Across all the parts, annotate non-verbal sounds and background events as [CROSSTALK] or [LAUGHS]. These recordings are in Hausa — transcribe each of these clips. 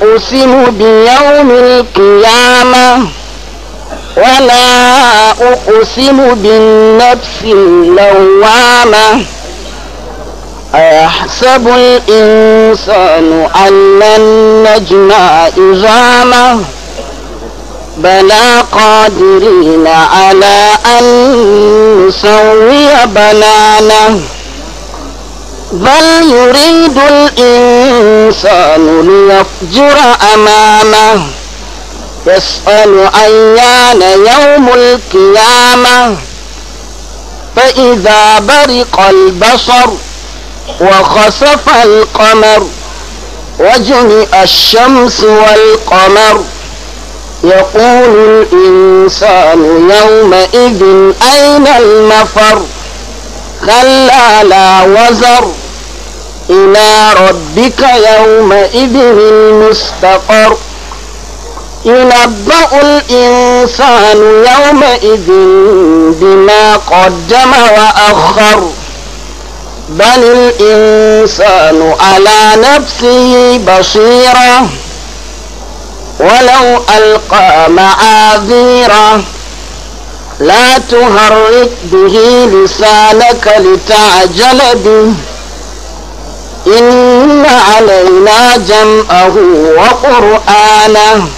أقسم بيوم القيامة ولا أقسم بالنفس اللوامة أيحسب الإنسان أن لن نجمع عظامه بلى قادرين على أن نسوي بنانه بل يريد الإنسان ليفجر أمامه يسأل أيان يوم القيامة فإذا برق البصر وخسف القمر وجمع الشمس والقمر يقول الإنسان يومئذ أين المفر كلا لا وزر إلى ربك يومئذ المستقر ينبأ الإنسان يومئذ بما قدم وأخر بل الإنسان على نفسه بصيرة ولو ألقى معاذيره لا تهرك به لسانك لتعجل به إن علينا جمعه وقرآنه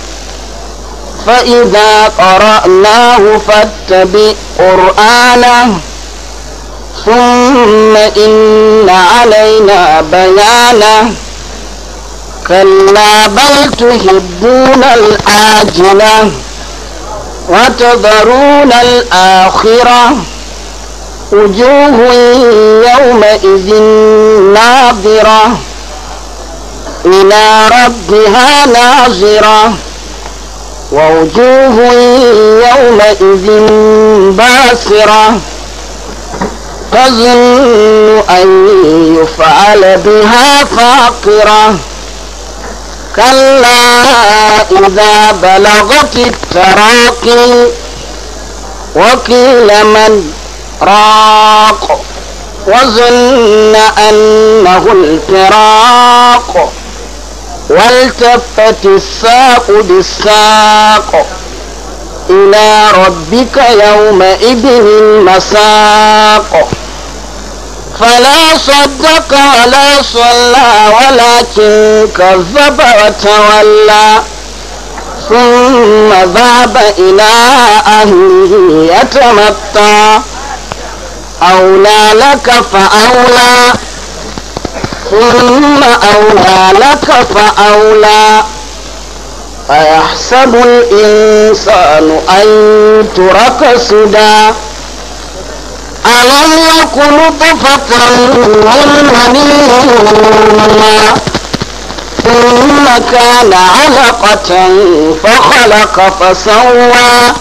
فإذا قرأناه فاتبع قرآنه ثم إن علينا بيانه كلا بل تحبون الآجلة وتذرون الآخرة وجوه يومئذ ناظرة إلى ربها ناظرة ووجوه يومئذ باسرة تظن أن يفعل بها فاقرة كلا إذا بلغت التراقي وقيل من راق وظن أنه الفراق والتفت الساق بالساق إلى ربك يومئذ المساق فلا صدق ولا صلى ولكن كذب وتولى ثم ذهب إلى أهله يتمتع أولى لك فأولى ثم أولى لك فأولى أيحسب الإنسان أن ترك سدى ألم يك نطفة من مني ثم كان علقة فخلق فسوى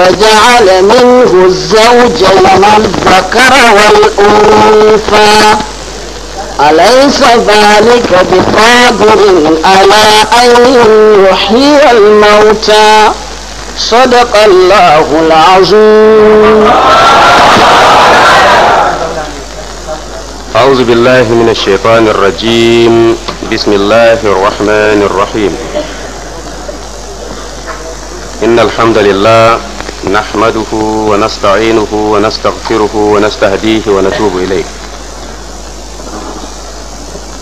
فجعل منه الزوجين الذكر والأنثى أليس ذلك بقادر على أن يحيي الموتى صدق الله العظيم أعوذ بالله من الشيطان الرجيم بسم الله الرحمن الرحيم إن الحمد لله نحمده ونستعينه ونستغفره ونستهديه ونتوب إليه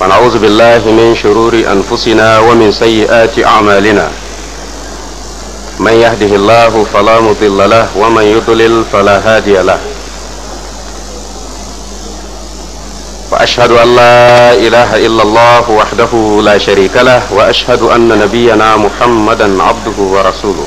ونعوذ بالله من شرور أنفسنا ومن سيئات أعمالنا من يهده الله فلا مضل له ومن يضلل فلا هادي له واشهد ان لا اله الا الله وحده لا شريك له واشهد ان نبينا محمدا عبده ورسوله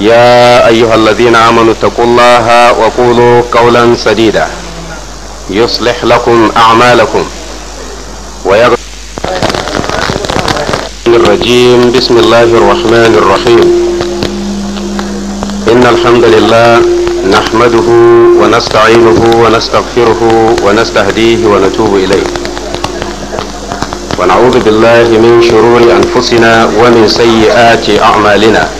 يا أيها الذين آمنوا اتقوا الله وقولوا قولا سديدا يصلح لكم أعمالكم ويغفر الرجيم بسم الله الرحمن الرحيم إن الحمد لله نحمده ونستعينه ونستغفره ونستهديه ونتوب إليه ونعوذ بالله من شرور أنفسنا ومن سيئات أعمالنا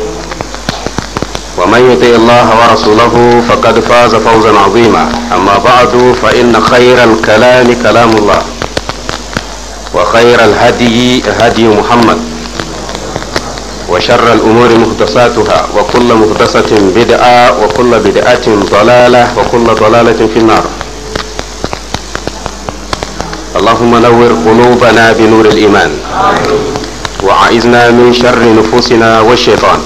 ومن يطيع الله ورسوله فقد فاز فوزا عظيما أما بعد فإن خير الكلام كلام الله وخير الهدي هدي محمد وشر الأمور مهدساتها وكل مهدسة بدعة وكل بدعة ضلالة وكل ضلالة في النار اللهم نور قلوبنا بنور الإيمان وعائزنا من شر نفوسنا والشيطان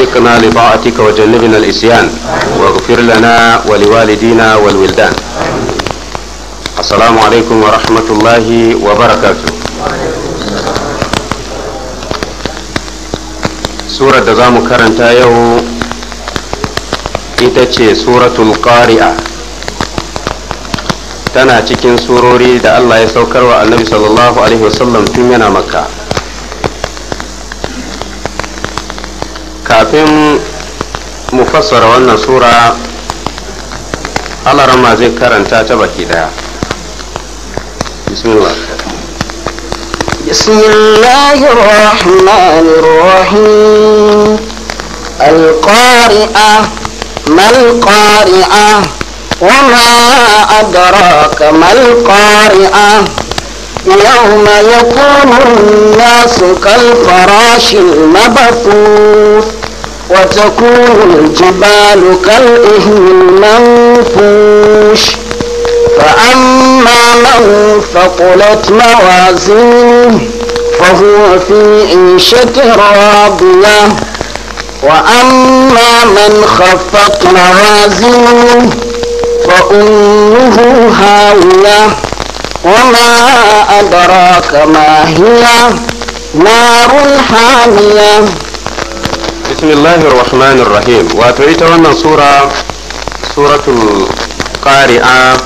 وفقنا لطاعتك وجنبنا الإسيان واغفر لنا ولوالدينا والولدان السلام عليكم ورحمة الله وبركاته سورة دزام كرنتا يو إتاتشي سورة القارئة tana cikin surori da Allah ya saukar wa annabi sallallahu alaihi wasallam tun yana makka kafin mu fassara wannan sura alarama zai karanta ta baki daya bismillah بسم الله الرحمن الرحيم القارئة ما القارئة وما أدراك ما القارئة يوم يكون الناس كالفراش المبثوث وتكون الجبال كالإهن المنفوش فأما من فقلت موازينه فهو في عيشة راضية وأما من خفت موازينه فأمه هاوية وما أدراك ما هي نار حامية bismillahir rahmanir rahim wato ita wannan sura suratul qari'a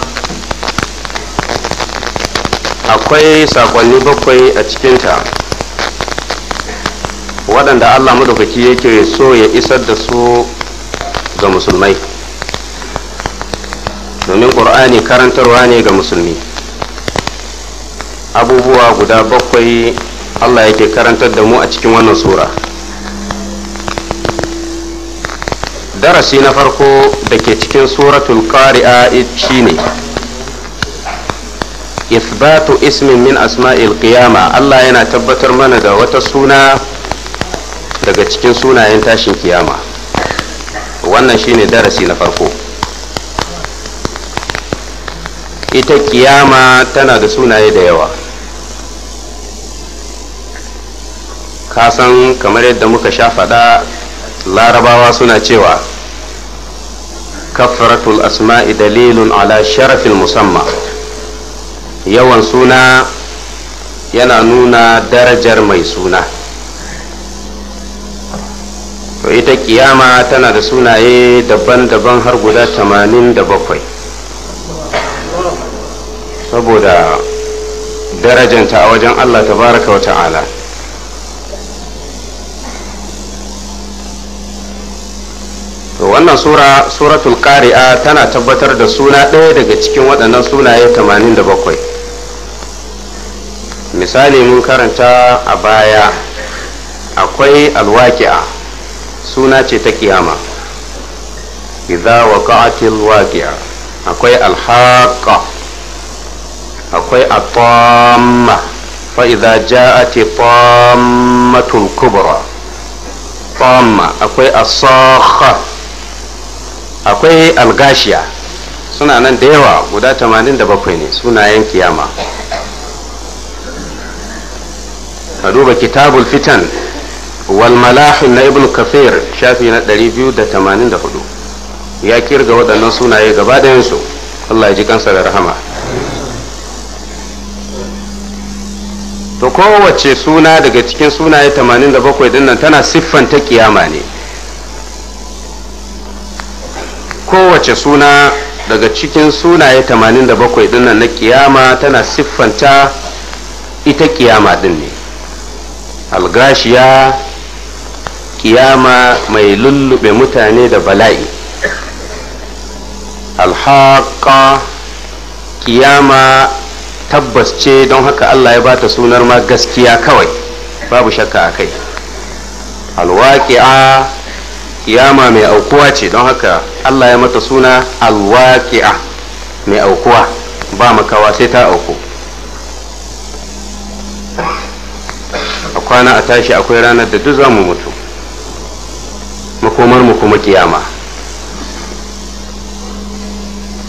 akwai sakonni bakwai a cikinta waɗanda allah madaukaki yake so ya isar da su ga musulmai domin ƙur'ani karantarwa ne ga musulmi abubuwa guda bakwai allah yake karantar da mu a cikin wannan sura darasi na farko da ke cikin suratul qari'a shine isbatu ismin min asma'il qiyama Allah yana tabbatar mana da wata suna daga cikin sunayen tashin kiyama wannan shine darasi na farko ita kiyama tana da sunaye da yawa kasan kamar yadda muka sha faɗa larabawa suna cewa kafaratul asma'i dalilun ala sharafin musamma yawan suna yana nuna darajar mai suna to ita kiyama tana da sunaye daban-daban har guda tamanin da bakwai saboda darajanta a wajen allah tabaraka wa ta'ala to wannan sura suratul qari'a tana tabbatar da suna ɗaya daga cikin waɗannan sunaye 87 misali mun karanta a baya akwai alwaƙi'a suna ce ta kiyama idza waqa'atil waqi'a akwai alhaqa akwai atamma fa idza ja'ati tammatul kubra tamma akwai asakha akwai algashiya suna nan da yawa guda 87 ne sunayen kiyama ka duba kitabul fitan wal malahin na ibn kafir shafi na 284 ya kirga waɗannan sunaye gaba yansu allah ya ji kansa da rahama to kowace suna daga cikin sunaye 87 dinnan tana siffanta kiyama ne kowace suna daga cikin sunaye 87 ɗinnan na kiyama tana siffanta ita kiyama din ne algashiya kiyama mai lullube mutane da bala'i alhaƙa kiyama tabbas ce don haka allah ya bata sunar ma gaskiya kawai babu shakka a kai alwaƙi'a kiyama mai aukuwa ce don haka Allah ya mata suna alwaƙi'a mai aukuwa ba makawa sai ta auku a kwana a tashi akwai ranar da duk zamu mutu makomar mu kuma kiyama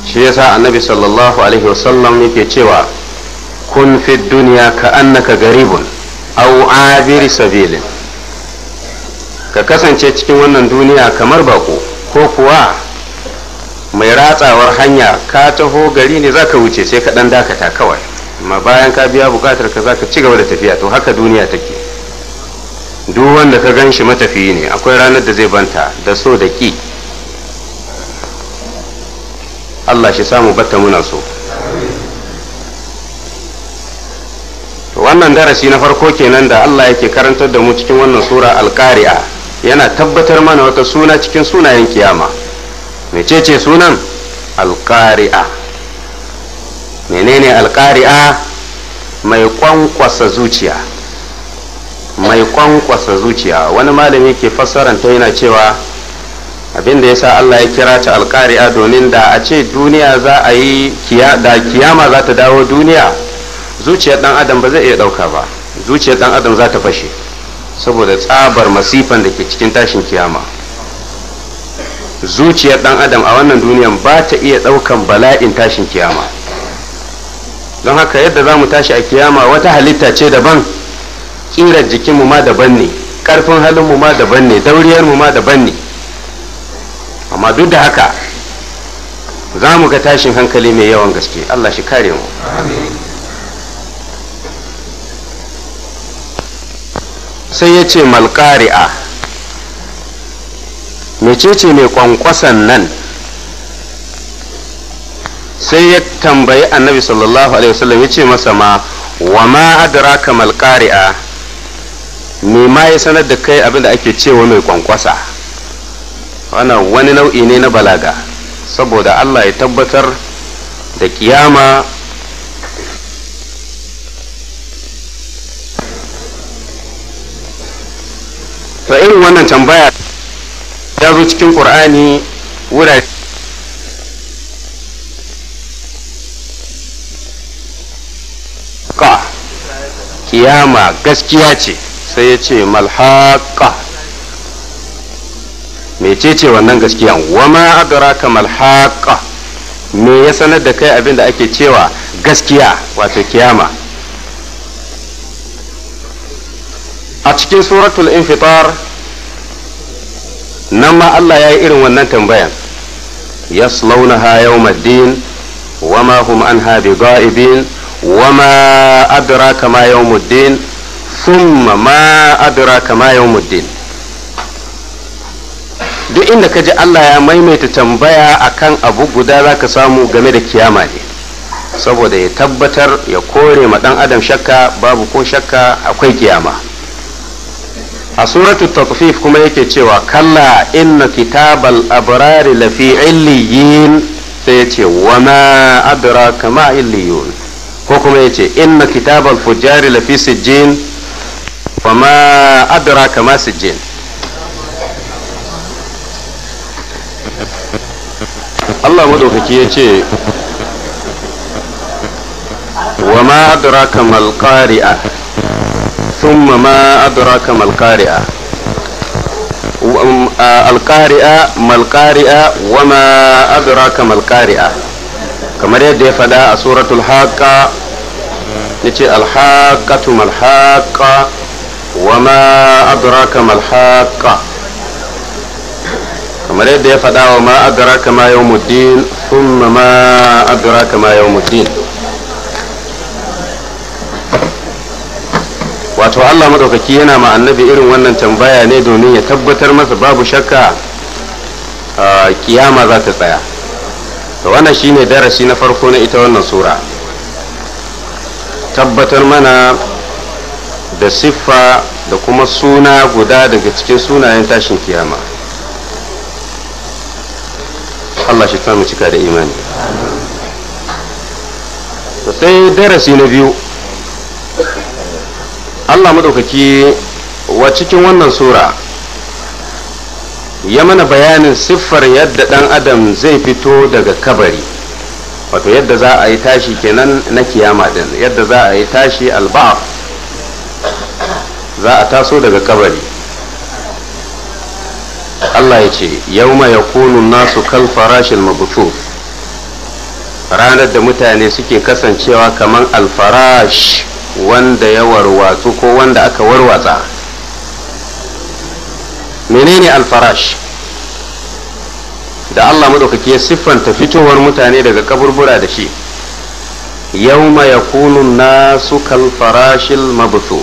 shi ya sa annabi sallallahu alaihi wasallam yake cewa kun fi duniya ka annaka garibun au abiri sabilin ka kasance cikin wannan duniya kamar bako ko kuwa mai ratsawar hanya ka taho gari ne zaka wuce sai ka dan dakata kawai amma bayan ka biya bukatar ka zaka ci gaba da tafiya to haka duniya take duk wanda ka gan shi matafiyi ne akwai ranar da zai banta da so da ki Allah shi samu batta muna so wannan darasi na farko kenan da Allah yake karantar da mu cikin wannan sura alƙari'a yana tabbatar mana wata suna cikin sunayen kiyama mecece sunan alƙari'a menene alƙari'a mai kwankwasa zuciya mai kwankwasa zuciya wani malami ke fassaranta yana cewa abinda da ya sa Allah ya kira ta alƙari'a domin da a ce duniya za a yi da kiyama za ta dawo duniya zuciyar dan adam ba zai iya ɗauka ba zuciyar dan adam za ta fashe saboda tsabar masifan da ke cikin tashin kiyama zuciyar ɗan adam a wannan duniyan ba ta iya daukan bala'in tashin kiyama don haka yadda za mu tashi a kiyama wata halitta ce daban ƙirar jikinmu ma daban ne ƙarfin halinmu ma daban ne dauriyarmu ma daban ne amma duk da haka za mu ga tashin hankali mai yawan gaske allah shi kare mu sai ya ce malƙari'a mecece mai kwankwasan nan sai ya tambayi annabi sallallahu alaihi wasallam ya ce masa ma wa ma adraka malƙari'a me ma ya sanar da kai abinda da ake cewa mai kwankwasa wannan wani nau'i ne na balaga saboda Allah ya tabbatar da kiyama ta irin wannan tambaya ya zo cikin ƙur'ani wurare ka kiyama gaskiya ce sai ya ce malhaƙa ce wannan gaskiya wama adraka malhaƙa me ya sanar da kai abinda da ake cewa gaskiya wato kiyama a cikin suratul infitar nan ma Allah ya yi irin wannan tambayan ha maddin wa ma hum anha bigha'ibin ga'ibin wa ma yawmuddin thumma ma kama ma yawmuddin duk inda ka ji Allah ya maimaita tambaya akan abu guda za ka samu game da kiyama ne saboda ya tabbatar ya kore ma ɗan adam shakka babu ko shakka akwai kiyama a suratul takfif kuma yake cewa kalla inna kitabal abrari lafi illiyin sai ya ce wa ma adraka ma illiyun ko kuma ya ce inna kitabal fujjari lafi sijjin wa ma adraka ma sijjin Allah madaukaki ya ce wa ma adraka mal qari'a ثم ما أدراك ما القارئة آه، القارئة ما القارئة وما أدراك ما القارئة كما يدي فدا سورة الحاقة نتي الحاقة ما الحاقة وما أدراك ما الحاقة kamar yadda ya وما wa ما يوم الدين ثم ما ma ما يوم الدين wato Allah madaukaki yana ma annabi irin wannan tambaya ne domin ya tabbatar masa babu shakka kiyama za ta tsaya to wannan shine darasi na farko na ita wannan sura tabbatar mana da siffa da kuma suna guda daga cikin sunayen tashin kiyama Allah shi mu cika da imani sai darasi na biyu allah maɗaukaki wa cikin wannan sura ya mana bayanin siffar yadda ɗan adam zai fito daga kabari wato yadda za a yi tashi kenan na kiyama din yadda za a yi tashi alba'a za a taso daga kabari allah ya ce yauma ya nasu kal farashin mabutu ranar da mutane suke kasancewa kamar alfarashi. wanda ya warwatsu ko wanda aka warwatsa menene alfarash da Allah maɗaukaki ya siffanta fitowar mutane daga kaburbura da shi yauma yakunu nasu kalfarashil mabthu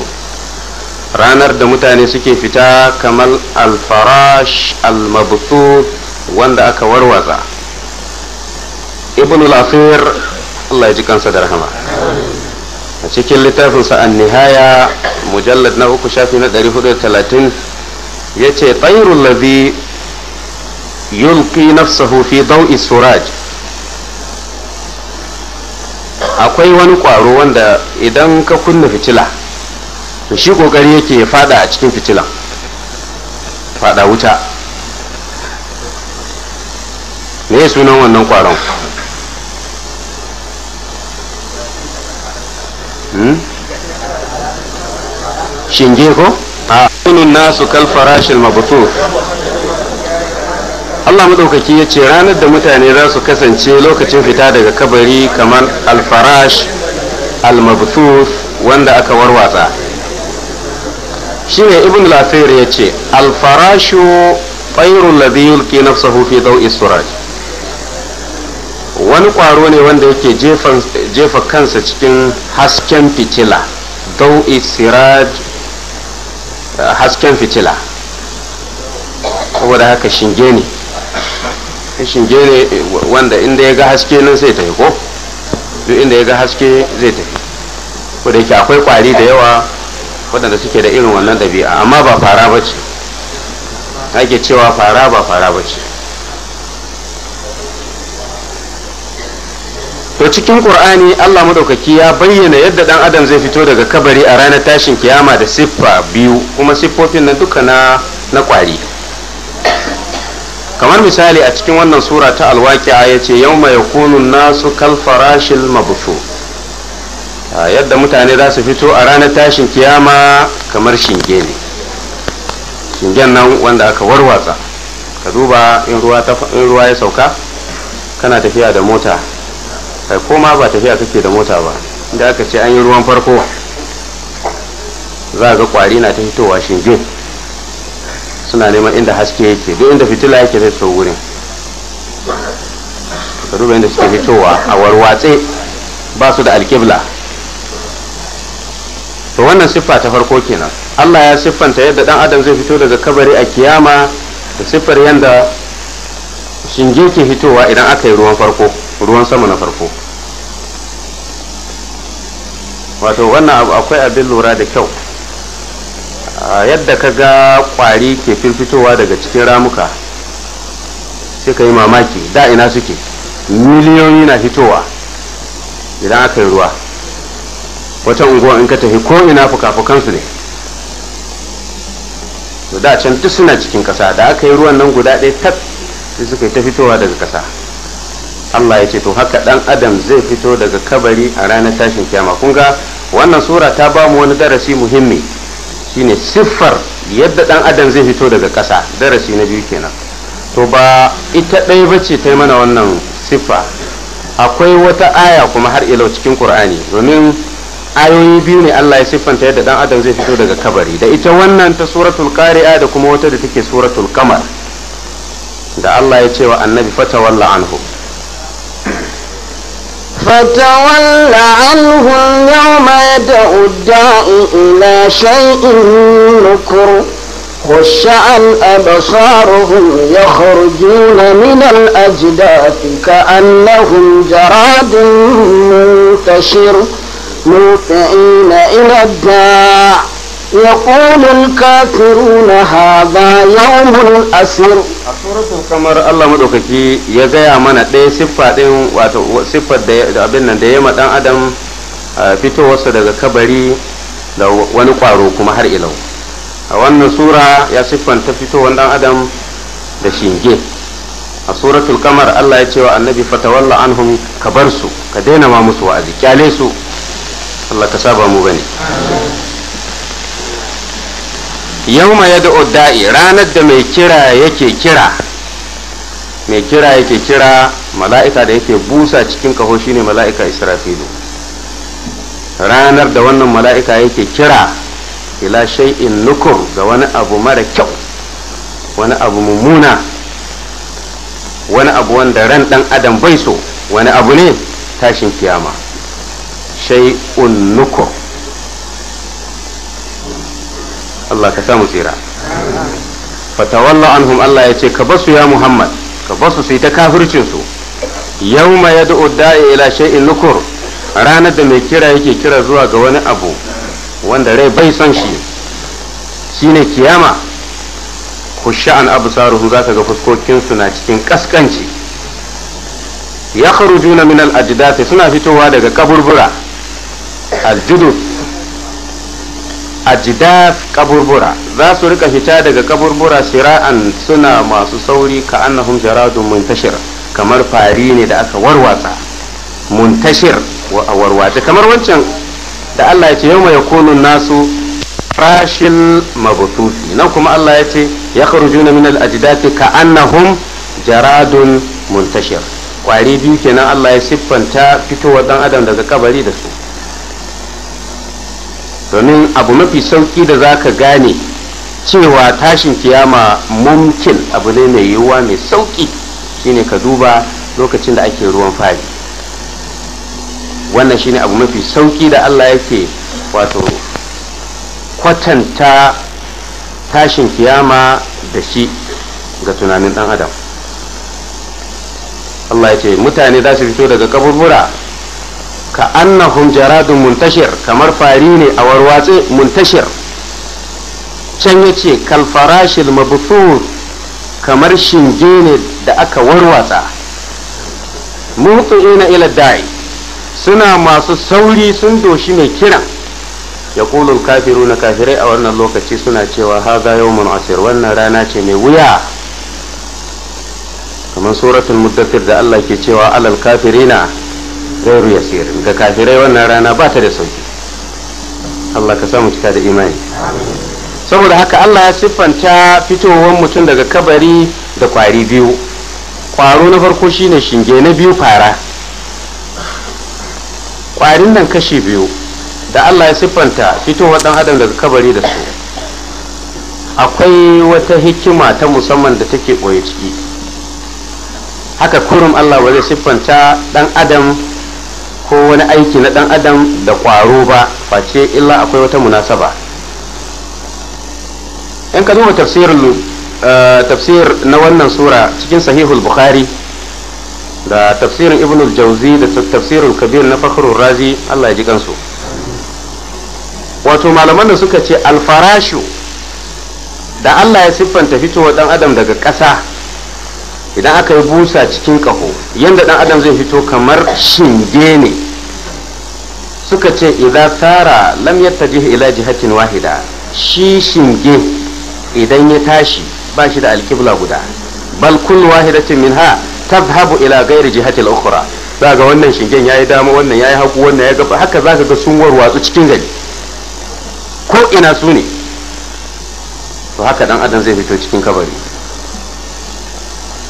ranar da mutane suke fita kamar alfarash almabthu wanda aka warwatsa ibn al Allah ya ji kansa da rahama a cikin littafin sa'an nihaya mujallad na uku shafi na 430 ya ce tsayirun lazi yulki na fi dau'i suraj akwai wani kwaro wanda idan ka kunna fitila to shi kokari yake ya fada a cikin fitilan fada wuta me sunan wannan kwaron Hmm? shinge ko a kunun nasu kal farashil Allah madaukaki ya ce ranar da mutane za su kasance lokacin fita daga kabari kamar alfarash almabthus wanda aka warwatsa shine ibn al ya ce alfarashu tayrul ladhi yulqi nafsahu fi daw'i suraj wani kwaro ne wanda yake jefa kansa cikin hasken fitila dau siraj eh, hasken fitila saboda haka shinge ne shinge ne eh, wanda inda ya ga haske nan sai tafi ko duk inda ya ga haske zai tafi ko da yake akwai kwari da yawa waɗanda suke da irin wannan ɗabi'a amma ba fara ba ce ake cewa fara ba fara ba ce to cikin qur'ani Allah madaukaki ya bayyana yadda dan adam zai fito daga kabari a ranar tashin kiyama da siffa biyu kuma siffofin nan duka na na kwari kamar misali a cikin wannan sura ta alwaqi'a yace yawma yakunu nasu kal farashil mabthu yadda mutane za su fito a ranar tashin kiyama kamar shinge ne shingen nan wanda aka warwatsa ka duba in ruwa ya sauka kana tafiya da mota kai koma ba tafiya kake da mota ba inda aka ce an yi ruwan farko za ga kwari na ta hitowa shingen suna neman inda haske yake duk inda fitila yake zai so wurin ka duba inda suke hitowa a warwatse ba su da alkibla to wannan siffa ta farko kenan allah ya siffanta yadda dan adam zai fito daga kabari a kiyama da siffar yadda shingin ke hitowa idan aka yi ruwan farko ruwan sama na farko wato wannan akwai abin lura da kyau yadda ka ga kwari ke firfitowa daga cikin ramuka sai ka yi mamaki da ina suke miliyoyi na fitowa idan aka yi ruwa wata unguwa in ka tafi ko ina fuka-fukansu ne to da can duk suna cikin kasa da aka yi ruwan nan guda ɗaya tak sai suka yi ta fitowa daga kasa Allah ya ce to haka dan adam zai fito daga kabari a ranar tashin kiyama kun ga wannan sura ta ba mu wani darasi muhimmi shine siffar yadda dan adam zai fito daga ƙasa darasi na biyu kenan to ba ita ɗaya ba ce ta yi mana wannan siffa akwai wata aya kuma har ilau cikin qur'ani domin ayoyi biyu ne Allah ya siffanta yadda dan adam zai fito daga kabari da ita wannan ta suratul qari'a da kuma wata da take suratul kamar da Allah ya ce wa annabi fatawalla anhu فتول عنهم يوم يدعو الداء إلى شيء نكر خش عن أبصارهم يخرجون من الأجداث كأنهم جراد منتشر مهطعين إلى الداع يقول الكافرون هذا يوم أسر kamar Allah madaukaki ya gaya mana ɗaya siffa ɗin da abin nan da ya ɗan adam fitowarsa daga kabari da wani ƙwaro kuma har ilau a wannan sura ya siffanta fitowar ɗan adam da shinge a suratul kamar Allah ya ce wa annabi fatawalla anhum ka barsu ka daina ma musu wa'azi kyale su Allah ka saba mu bane yau ma yadda da'i ranar da mai kira yake kira mai kira yake kira mala'ika da yake busa cikin kaho shine mala'ika israfilu ranar da wannan mala'ika yake kira ila shay'in nukur ga wani abu mara kyau wani abu mummuna wani abu wanda ran dan adam bai so wani abu ne tashin kiyama shay'un nukur Allah ka samu tsira fatawalla anhum Allah ya ce ka basu ya Muhammad ka basu su yi ta kafircin su ya yad'u da'i ila shay'in nukur ranar da mai kira yake kira zuwa ga wani abu wanda rai bai son shi shine kiyama kusha'an absaruhum zaka ga fuskokin su na cikin kaskanci ya kharujuna min al suna fitowa daga kaburbura al ajdaf kaburbura za su rika fita daga kaburbura sira'an suna masu sauri ka annahum jaradun muntashir kamar fari ne da aka warwatsa muntashir wa warwatsa kamar wancan da Allah ya ce yau mai kunun nasu rashin mabutufi nan kuma Allah ya ce ya kharujuna min al ajdafi ka annahum jaradun muntashir kwari biyu kenan Allah ya siffanta fitowar dan adam daga kabari da su domin abu mafi sauki da za ka gane cewa tashin kiyama mumkin abu ne mai yiwuwa mai sauki shine ka duba lokacin da ake ruwan fari wannan shine abu mafi sauki da allah yake wato kwatanta tashin kiyama da shi ga tunanin dan adam allah ya ce mutane za su fito daga kaburbura ka annahum jaradun muntashir kamar fari ne a warwatse muntashir can ya ce kalfarashil mabuthur kamar shinge ne da aka warwatsa mutu'ina ila da'i suna masu sauri sun doshi mai kiran ya kulul kafiru na kafirai a wannan lokaci suna cewa haza yawmun asir wannan rana ce mai wuya kamar suratul muddathir da Allah ke cewa alal kafirina gairu sayar ga kafirai wannan rana ba ta da sauki Allah ka samu cika da imani saboda haka Allah ya siffanta fitowar mutum daga kabari da kwari biyu kwaro na farko shine shinge na biyu fara kwarin nan kashi biyu da Allah ya siffanta fitowar dan adam daga kabari da su akwai wata hikima ta musamman da take ɓoye ciki haka kurum Allah ba zai siffanta dan adam ko wani aiki na ɗan adam da kwaro ba face illa akwai wata munasaba in ka duba eh, tafsir na wannan sura cikin sahihul bukhari da tafsirin ibnul jauzi da tafsirul kabir na fakhrul razi Allah ya ji kansu wato malaman da suka ce alfarashu da Allah ya siffanta fitowa ɗan adam daga ƙasa idan aka yi busa cikin ƙaho yadda ɗan adam zai fito kamar shinge ne suka ce idan tsara lam yattaji ila jihatin wahida shi shinge idan ya tashi ba shi da alkibla guda bal kullu wahidatin ha tazhabu ila ghairi jihatil ukhra ga wannan shingen yayi dama wannan yayi hagu wannan ya gaba haka zaka ga sun warwatsu cikin gari ko ina su ne to haka dan adam zai fito cikin kabari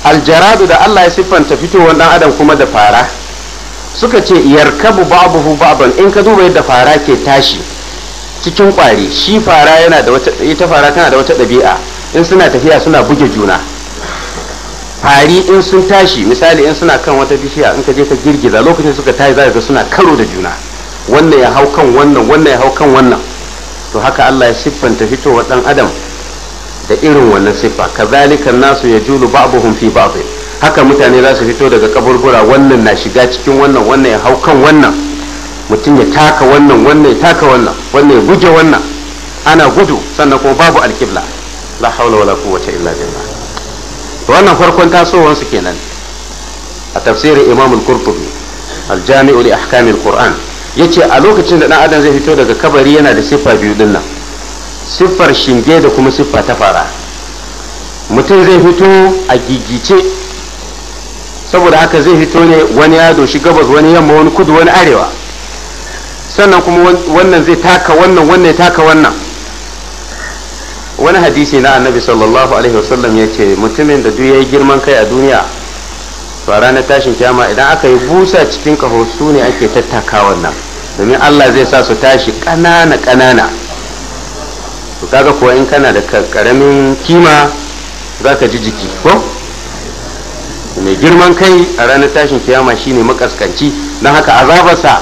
aljaradu da Allah ya siffanta fitowar dan adam kuma da fara suka ce yarkabu babuhu baban in ka duba yadda fara ke tashi cikin kwari shi fara yana da wata ita fara tana da wata ɗabi'a in suna tafiya suna buge juna fari in sun tashi misali in suna kan wata bishiya in ka je ka girgiza lokacin suka tashi za ka suna karo da juna wannan ya hau kan wannan wannan ya hau kan wannan to haka Allah ya siffanta fitowar dan adam da irin wannan siffa zalika nasu ya julu ba'dhum fi ba'd haka mutane za su fito daga kaburbura wannan na shiga cikin wannan wannan ya hau kan wannan mutum ya taka wannan wannan ya taka wannan wannan ya guje wannan ana gudu sannan kuma babu alkibla la haula wala quwwata illa billah to wannan farkon tasowar su kenan a tafsirin imam al-qurtubi al-jami'u li ahkam al-qur'an yace a lokacin da dan adam zai fito daga kabari yana da siffa biyu dinnan siffar shinge da kuma siffa ta fara mutum zai fito a gigice saboda haka zai fito ne wani ya doshi gabas wani yamma wani kudu wani arewa sannan kuma wannan zai taka wannan wannan ya taka wannan wani hadisi na annabi sallallahu alaihi wasallam ya ce mutumin da duk ya yi girman kai a duniya to a ranar tashin kyama idan aka yi busa cikin kaho su ne ake tattaka wannan domin allah zai sa su tashi ƙanana ƙanana to kaga kuwa in kana da karamin kima za ka ji jiki ko mai girman kai a ranar tashin kiyama shine makaskanci don haka azabarsa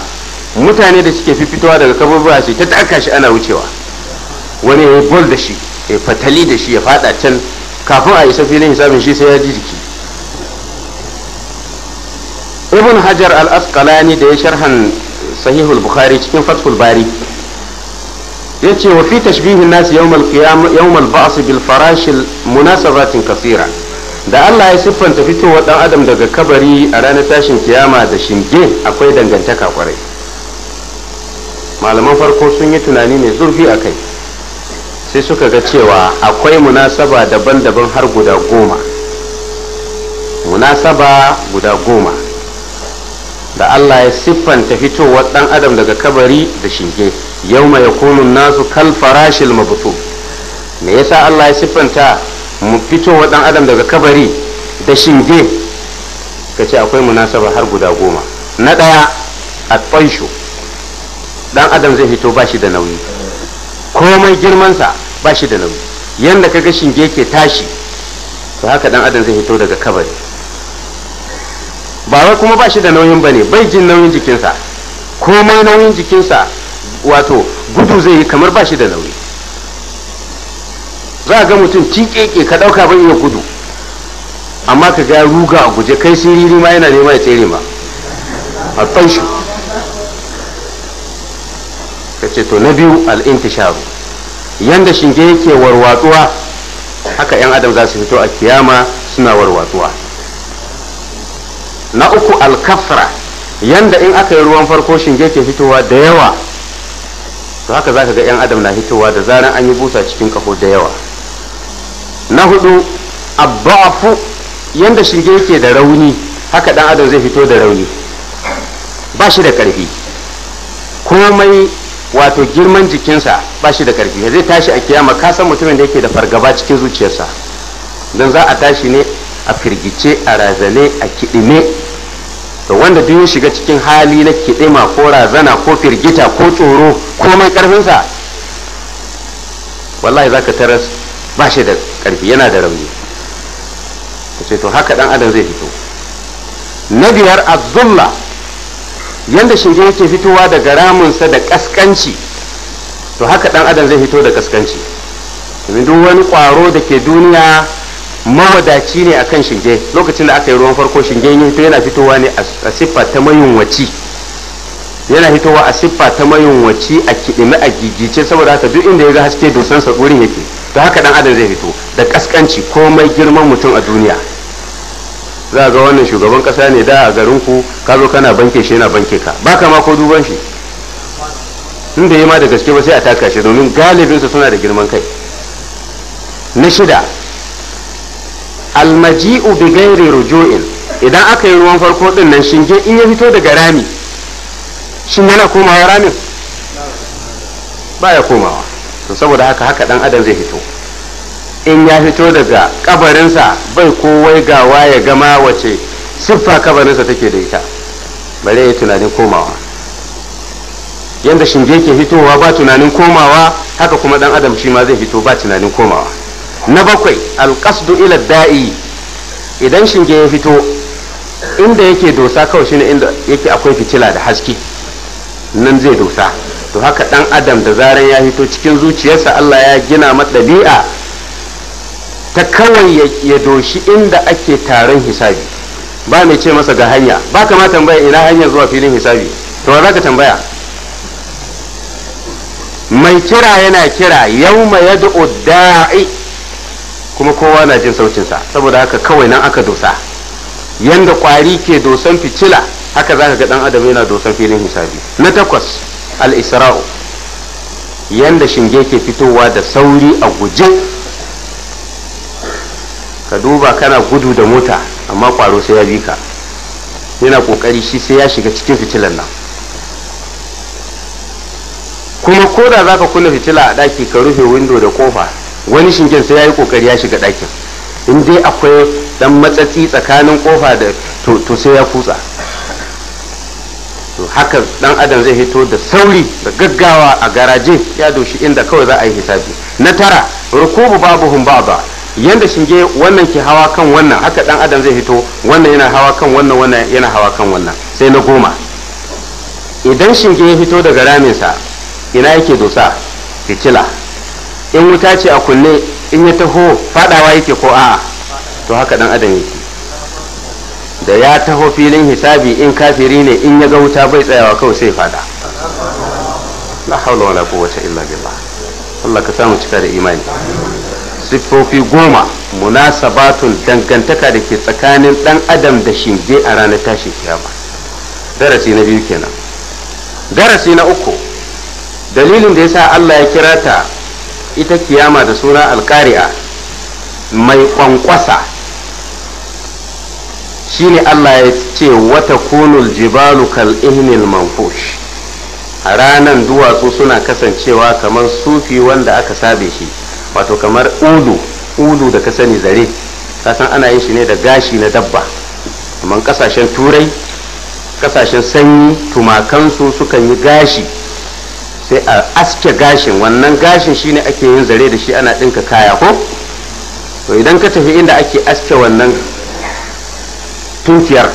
mutane da suke fifitowa daga kaburbura su ta taka shi ana wucewa wani ya bol da shi ya fatali da shi ya fada can kafin a isa filin hisabin shi sai ya ji jiki ibn hajar al-asqalani da ya sharhan sahihul bukhari cikin fathul bari ya ce wa fi tashbihin nasu yawmal ba'su bil farashil munasabatin kasira da Allah ya siffanta fitowar dan adam daga kabari a ranar tashin kiyama da shinge akwai dangantaka kwarai malaman farko sun yi tunani mai zurfi a kai sai suka ga cewa akwai munasaba daban-daban har guda goma munasaba guda goma da Allah ya siffanta fitowar dan adam daga kabari da shinge yawma yakunu nasu kal farashil me yasa Allah ya siffanta mu fito wa dan adam daga kabari da shinge kace akwai munasaba har guda goma na ɗaya a tanshu dan adam zai fito bashi da nauyi komai girmansa bashi da nauyi yanda kaga shinge ke tashi to haka dan adam zai fito daga kabari ba wai kuma bashi da nauyin bane bai jin nauyin jikinsa komai nauyin jikinsa wato gudu zai yi kamar ba shi da nauyi za a ga mutum cikeke ka ɗauka ban iya gudu amma ka ga ruga a guje kai siriri ma yana nema ya tsere ma a tsanshi ka ce to na biyu al'intisharu yanda shinge yake warwatsuwa haka 'yan adam za su fito a kiyama suna warwatsuwa na uku alkafra yanda in aka yi ruwan farko shinge ke fitowa da yawa to haka za ka ga 'yan adam na hitowa da zaran an yi busa cikin kaho da yawa na hudu abba'afu yanda shige yake da rauni haka dan adam zai fito da rauni ba shi da karfi komai wato girman jikinsa ba shi da karfi zai tashi a kiyama ka san mutumin da yake da fargaba cikin zuciyarsa don za a tashi ne a firgice a razane a kiɗime to wanda duk ya shiga cikin hali na kiɗima ko razana ko firgita ko tsoro ko mai ƙarfinsa wallahi za taras ba shi da ƙarfi yana da rauni ce to haka ɗan adam zai fito na biyar azulla yanda shige yake fitowa daga ramunsa da ƙasƙanci to haka ɗan adam zai fito da ƙasƙanci domin duk wani ƙwaro da ke duniya mawadaci ne akan shinge lokacin da aka yi ruwan farko shinge ya hito yana fitowa ne a siffa ta mayunwaci yana hitowa a siffa ta mayunwaci a kiɗime a gigice saboda haka duk inda ya ga haske sa wurin yake to haka dan adam zai fito da kaskanci komai girman mutum a duniya za ga wannan shugaban kasa ne da a garin ku ka zo kana banke shi yana banke ka baka ma ko duban shi da ya ma da gaske ba sai a taka shi domin galibinsa suna da girman kai na shida almaji'u bi gairi ruju'in idan aka yi ruwan farko din nan shinge in ya fito daga rami shin yana komawa ramin baya komawa to saboda haka haka dan adam zai fito in ya fito daga kabarinsa bai kowai gawa ya gama wace siffa kabarinsa take da ita bare ya tunanin komawa yadda shinge ke fitowa ba tunanin komawa haka kuma dan adam shi ma zai fito ba tunanin komawa na bakwai alƙasdu ila da'i idan shinge ya fito inda yake dosa kawai shine inda yake akwai fitila da haske nan zai dosa to haka dan adam da zaran ya fito cikin zuciyarsa Allah ya gina dabi'a ta kawai ya doshi inda ake taron hisabi ba mai ce masa ga hanya ba kama tambaya ina hanya zuwa filin hisabi to za ka tambaya mai kira yana kira yau ma yadda da'i kuma kowa na jin sa saboda haka kawai nan aka dosa yanda kwari ke dosan fitila haka zaka ga dan adam yana dosan filin hisabi na takwas al-isra'u yanda shinge ke fitowa da sauri a guje ka duba kana gudu da mota amma kwaro sai ya bika yana kokari shi sai ya shiga cikin fitilan nan kuma koda da zaka kunna fitila a daki ka rufe windo da kofa wani shingen sai ya yi kokari ya shiga ɗakin in dai akwai dan matsatsi tsakanin kofa da to sai ya kutsa to haka dan adam zai hito da sauri da gaggawa a garaje ya doshi inda kawai za a yi hisabi na tara rukubu babu hun baba yanda shinge wannan ke hawa kan wannan haka dan adam zai hito wannan yana hawa kan wannan wannan yana hawa kan wannan sai na goma idan shinge ya hito daga raminsa ina yake dosa fitila in wuta ce a kulle in ya taho fadawa yake ko a'a to haka dan adam yake da ya taho filin hisabi in kafiri ne in ya ga wuta bai tsayawa kawai sai fada la haula wala quwwata illa billah Allah ka samu cika da imani siffofi goma munasabatun dangantaka da ke tsakanin dan adam da shinge a ranar tashin kiyama darasi na biyu kenan darasi na uku dalilin da yasa Allah ya kira ta ita kiyama da suna alkari'a mai kwankwasa shine Allah ya ce wata kunul jibalu kal ihnil manfush a ranan duwatsu suna kasancewa kamar sufi wanda aka sabe shi wato kamar ulu ulu da ka sani zare kasan ana yin shi ne da gashi na dabba kamar kasashen turai kasashen sanyi tumakansu sukan yi gashi sai a aske gashin wannan gashin shine ake yin zare da shi ana ɗinka kaya ko to idan ka tafi inda ake aske wannan tunkiyar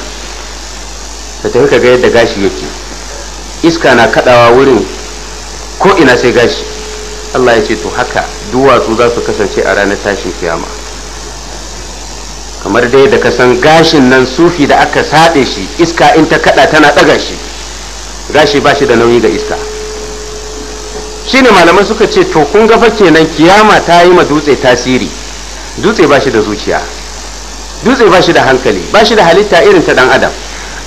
ka tafi ka ga yadda gashi yake iska na kaɗawa wurin ko ina sai gashi Allah ya ce to haka duwatsu za su kasance a ranar tashin kiyama kamar dai da san gashin nan sufi da aka saɗe shi iska in ta kaɗa tana ɗaga shi gashi ba shi da nauyi ga iska ne malamai suka ce to kun gafa kenan kiyama ta yi ma dutse tasiri dutse ba shi da zuciya dutse ba shi da hankali ba shi da halitta irin ta dan adam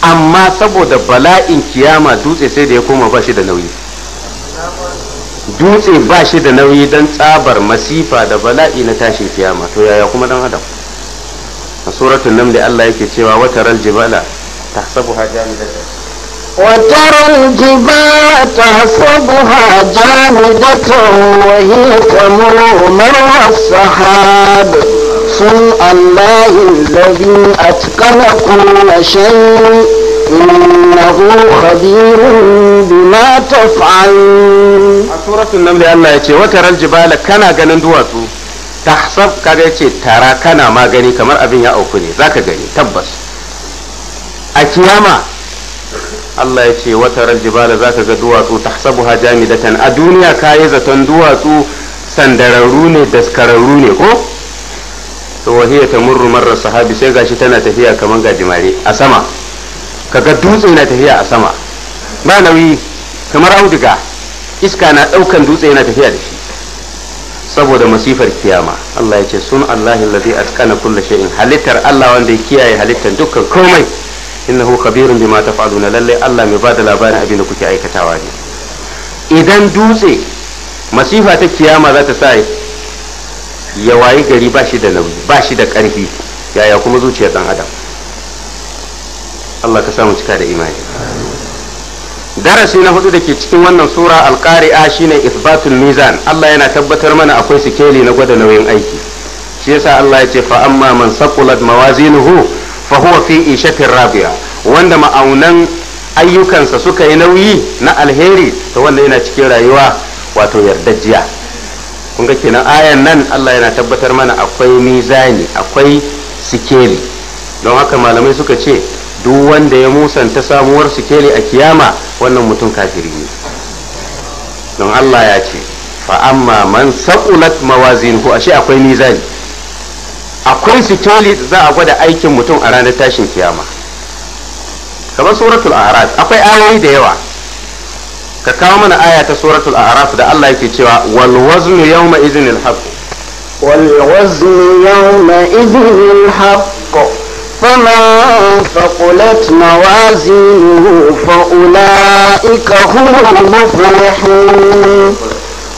amma saboda bala'in kiyama dutse sai da ya koma ba shi da nauyi dutse ba shi da nauyi don tsabar masifa da bala'i na tashi kiyama to yaya kuma dan adam a nan da Allah yake cewa wata ta sabu jibala da ta. وترى الجبال تحسبها جامدة وهي تمر مر السحاب صنع الله الذي أتقن كل شيء إنه خبير بما تفعل سورة النمل الله يتي وترى الجبال كان غنن دواتو تحسب كذا يتي ترى كان ما غني كمر أبين يا أوكني ذاك غني تبس a kiyama Allah ya ce wata rajibala za ka ga duwatsu ta sabuha jamidatan a duniya ka yi zaton duwatsu sandararru ne daskararru ne ko to wahiya ta murru marar sahabi sai gashi tana tafiya kamar gajimare a sama ka ga dutse na tafiya a sama ba nauyi kamar auduga iska na daukan dutse na tafiya da shi saboda masifar kiyama Allah ya ce sun Allah na kulle kulli in halittar Allah wanda ya kiyaye halittar dukkan komai innahu khabirun bima taf'aluna lalle Allah mai bada labarin abin da kuke aikatawa ne idan dutse masifa ta kiyama za ta sa ya wayi gari ba shi da ba da karfi yaya kuma zuciyar dan adam Allah ka samu cika da imani darasi na hudu da ke cikin wannan sura alƙari'a shine isbatul mizan Allah yana tabbatar mana akwai sikeli na gwada nauyin aiki shi yasa Allah ya ce fa amma man saqulat mawazinuhu fa huwa fi ishatin rabiya wanda ma'aunan ayyukansa suka yi nauyi na alheri ta wanda yana cikin rayuwa wato yardajiya kun ga kenan ayan nan Allah yana tabbatar mana akwai mizani akwai sikeli don haka malamai suka ce duk wanda ya musanta samuwar sikeli a kiyama wannan mutum kafiri ne don Allah ya ce fa amma man saqulat mawazinuhu ashe akwai mizani akwai sikeli da za a gwada aikin mutum a ranar tashin kiyama kamar suratul araf akwai ayoyi da yawa ka kawo mana aya ta suratul araf da Allah yake cewa wal waznu yawma idhin al haqq wal waznu yawma idhin al haqq فمن fa موازينه فأولئك هم المفلحون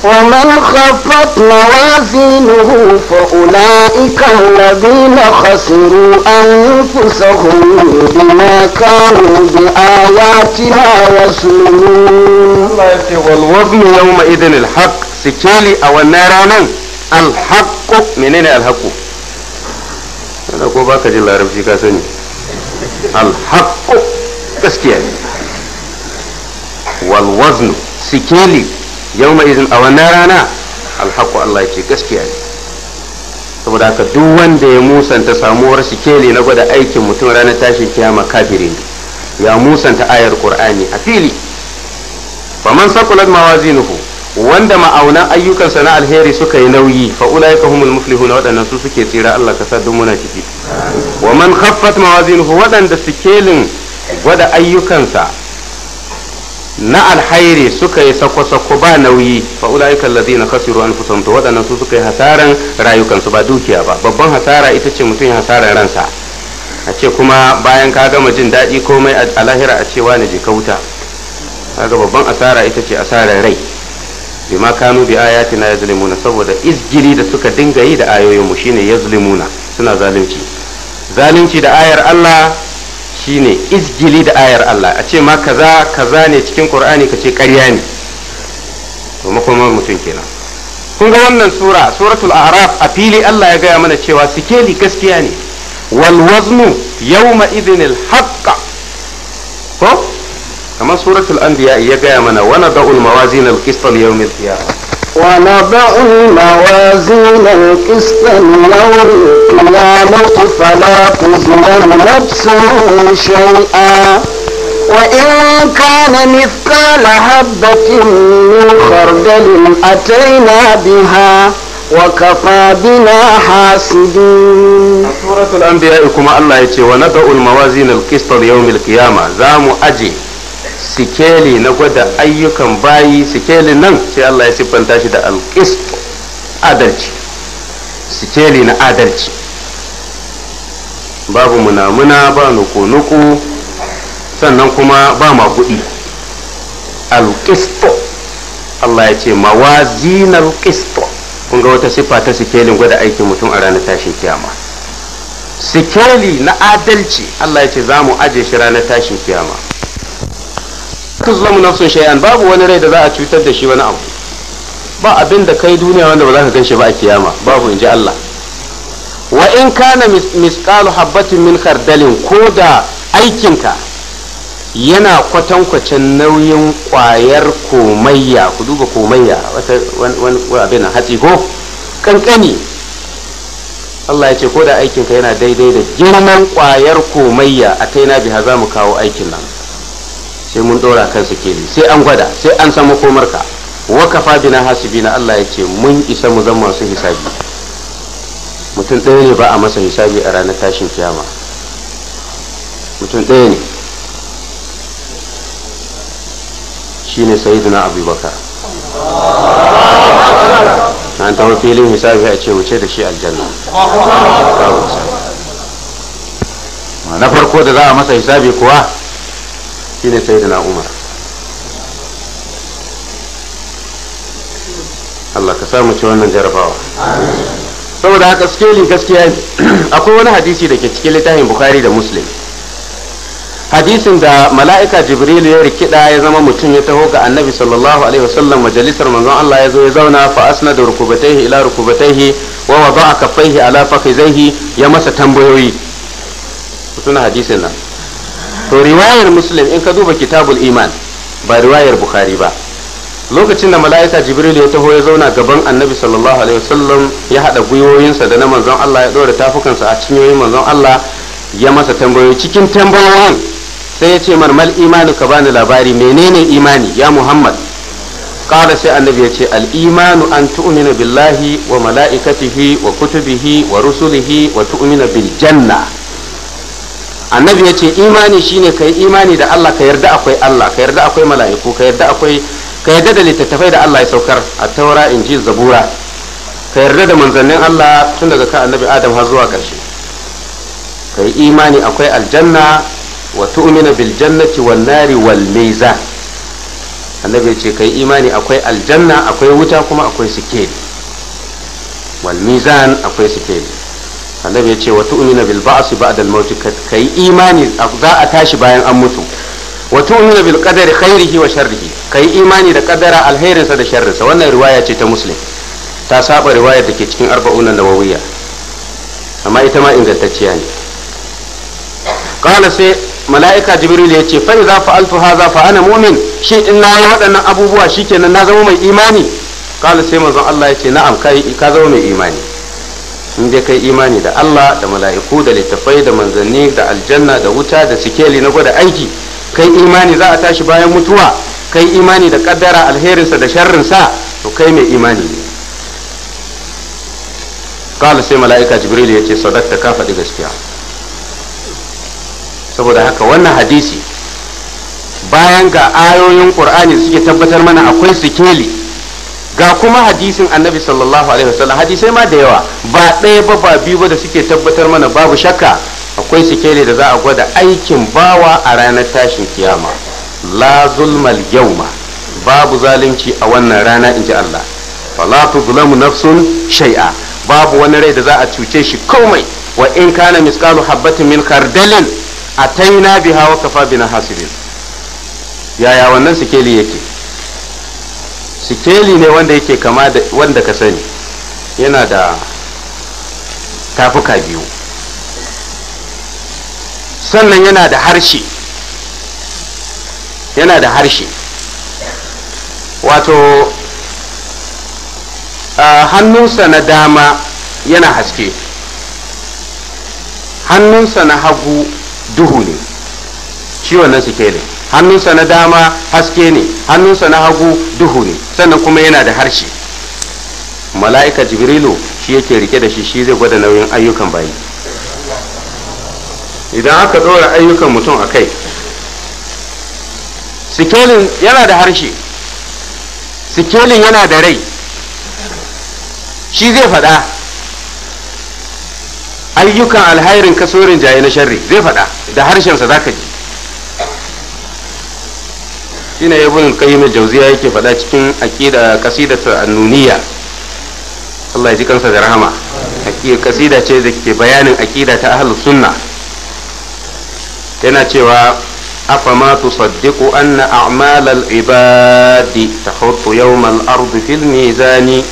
ومن خفت موازينه فأولئك الذين خسروا أنفسهم بما كانوا بآياتنا يسلمون والوزن يومئذ الحق سكيلي أو النيران الحق منين الحق أنا أقول باكا جل عربشي كاسني الحق تسكيلي والوزن سكيلي yau mai izin a wannan rana alhaku Allah ce gaskiya ne saboda haka duk wanda ya musanta samuwar sikeli na gwada aikin mutum ranar tashin kiyama kafiri ne ya musanta ayar qur'ani a fili faman sakulat mawazinuhu wanda ma'aunan ayyukansa na alheri suka yi nauyi fa ulaika humul muflihuna waɗannan su suke tsira Allah ka sa muna ciki wa man khaffat mawazinuhu waɗanda sikelin gwada ayyukansa na alhairi suka yi sako-sako ba nauyi fa ulaika na khasiru anfusahum to waɗannan su suka yi hasaran rayukansu ba dukiya ba babban hasara ita ce mutum hasaran ransa a ce kuma bayan ka gama jin daɗi komai a lahira a cewa ne ka wuta kaga babban asara ita ce asarar rai bima kanu bi na yazlimuna saboda izgiri da suka dinga yi da ayoyin mu shine yazlimuna suna zalunci zalunci da ayar Allah shine izgili da ayar Allah a ce ma kaza kaza ne cikin ƙur'ani ka ce ƙarya ne to makomar mutum kenan kun ga wannan sura suratul a'raf a fili Allah ya gaya mana cewa sikeli gaskiya ne wal waznu yawma idhinil haqq ko kamar suratul anbiya ya gaya mana wa nada'ul mawazin al qist al yawm al qiyamah ونضع الموازين القسط للقيامة فلا تظلم نفس شيئا وإن كان مثقال حبة من خردل أتينا بها وكفى بنا حاسدين سورة الأنبياء كما الله يتي ونضع الموازين القسط ليوم القيامة زام أجي sikeli na gwada ayyukan bayi sikeli nan sai Allah ya siffanta shi da alƙist adalci sikeli na adalci babu munamuna ba nuku-nuku sannan kuma ba maguɗi alƙisto Allah ya ce mawazin alƙisto kun ga wata siffa ta sikelin gwada aikin mutum a ranar tashin kiyama sikeli na adalci Allah ya ce za mu aje shi ranar tashin kiyama tuzlamu nafsun shay'an babu wani rai da za a cutar da shi wani abu ba abin da kai duniya wanda ba za ka ganshi ba a kiyama babu inji Allah wa in kana misqalu habatin min khardalin ko da aikinka yana kwatankwacin nauyin kwayar komayya ku duba komayya wata wani abin hatsi ko kankani Allah ya ce ko da aikinka yana daidai da girman kwayar komayya a na biha za mu kawo aikin nan sai mun dora kan sikeli sai an gwada sai an samu komarka wa kafa bina na, Allah ya ce mun isa mu zama masu hisabi mutum ɗaya ne ba a masa hisabi a ranar tashin kiyama mutum ɗaya ne Shi ne shine na abubakar an tawo filin hisabi a ce wuce da shi aljanna na farko da za a masa hisabi kuwa shine da umar Allah ka samu ci wannan jarabawa saboda haka skeli gaskiya [CLEARS THROAT] akwai wani hadisi da ke cikin littafin bukhari da muslim hadisin da mala'ika jibril ya rikida ya zama mutum ya taho ga annabi sallallahu alaihi wasallam majalisar manzon Allah ya zo ya zauna fa asna da rukubatai ila rukubataihi wa wada'a kaffaihi ala fakhizaihi ya masa tambayoyi sunan hadisin nan to riwayar muslim in ka duba kitabul iman ba riwayar bukhari ba lokacin da mala'ika jibril ya taho ya zauna gaban annabi sallallahu alaihi wasallam ya haɗa gwiwoyinsa da na manzon allah ya ɗora tafukansa a cinyoyin manzon allah ya masa tambayoyi cikin tambayoyin sai ya ce marmal imanu ka bani labari menene imani ya muhammad kala sai annabi ya ce al'imanu an tu'mina billahi wa mala'ikatihi wa kutubihi wa rusulihi wa tu'mina bil janna annabi ya ce imani shine ka imani da Allah ka yarda akwai Allah ka yarda akwai mala'iku ka yarda akwai ka yarda da littattafai da Allah ya saukar a taura inji zabura ka yarda da manzannin Allah tun daga kan annabi Adam har zuwa ƙarshe ka yi imani akwai aljanna wa tu'mina bil jannati wan nari wal mizan annabi ya ce ka imani akwai aljanna akwai wuta kuma akwai sikeli wal mizan akwai sikeli annabi ya ce wa umina bil ba'asi ba'da al ka kai imani za a tashi bayan an mutu wa umina bil qadari khairihi wa sharrihi kai imani da qadara sa da sa wannan riwaya ce ta muslim ta saba riwayar da ke cikin arba'un nawawiyya amma ita ma ingantacciya ne kana sai mala'ika jibril ya ce fa idza fa'altu hadha fa ana mu'min shi in na yi waɗannan abubuwa shikenan na zama mai imani kana sai manzon Allah ya ce na'am kai ka zama mai imani in dai kai imani da Allah da mala'iku da littafai da manzanni da aljanna da wuta da sikeli na gwada aiki kai imani za a tashi bayan mutuwa kai imani da kaddara alherinsa da sharrinsa to kai mai imani ne kala sai mala'ika jibril ya ce sadakta ka faɗi gaskiya saboda haka wannan hadisi bayan ga ayoyin qur'ani suke tabbatar mana akwai sikeli ga kuma hadisin annabi sallallahu alaihi wasallam hadisai ma da yawa ba ɗaya ba ba biyu ba da suke tabbatar mana babu shakka akwai sikeli da za a gwada aikin bawa a ranar tashin kiyama la zulmal yawma babu zalunci a wannan rana in ji Allah fala tuzlamu nafsun shay'a babu wani rai da za a cuce shi komai wa in kana miskalu habbatin min kardalin ataina biha wa kafa bina hasibin yaya wannan sikeli yake sikeli ne wanda yake kama da wanda ka sani yana da tafuka biyu sannan yana da harshe yana da harshe wato hannunsa na dama yana haske hannunsa na hagu duhu ne ciwon nan sikeli hannunsa na dama haske ne hannunsa na hagu duhu ne sannan kuma yana da harshe mala'ika jibrilu shi yake rike da shi shi zai gwada nauyin ayyukan bayi idan aka ɗora ayyukan mutum a kai sikelin yana da harshe sikelin yana da rai shi zai faɗa ayyukan alhairin kasorin jaye na sharri zai faɗa da harshensa za ka ji shine ibn qayyim al-jawziya yake faɗa cikin aqida qasidat an annuniyya Allah ya ji kansa da rahama aqida qasida ce da ke bayanin aqida ta ahlus sunna yana cewa afama tusaddiqu anna a'mal a'malal ibadi tahuttu al-ard fi al-mizan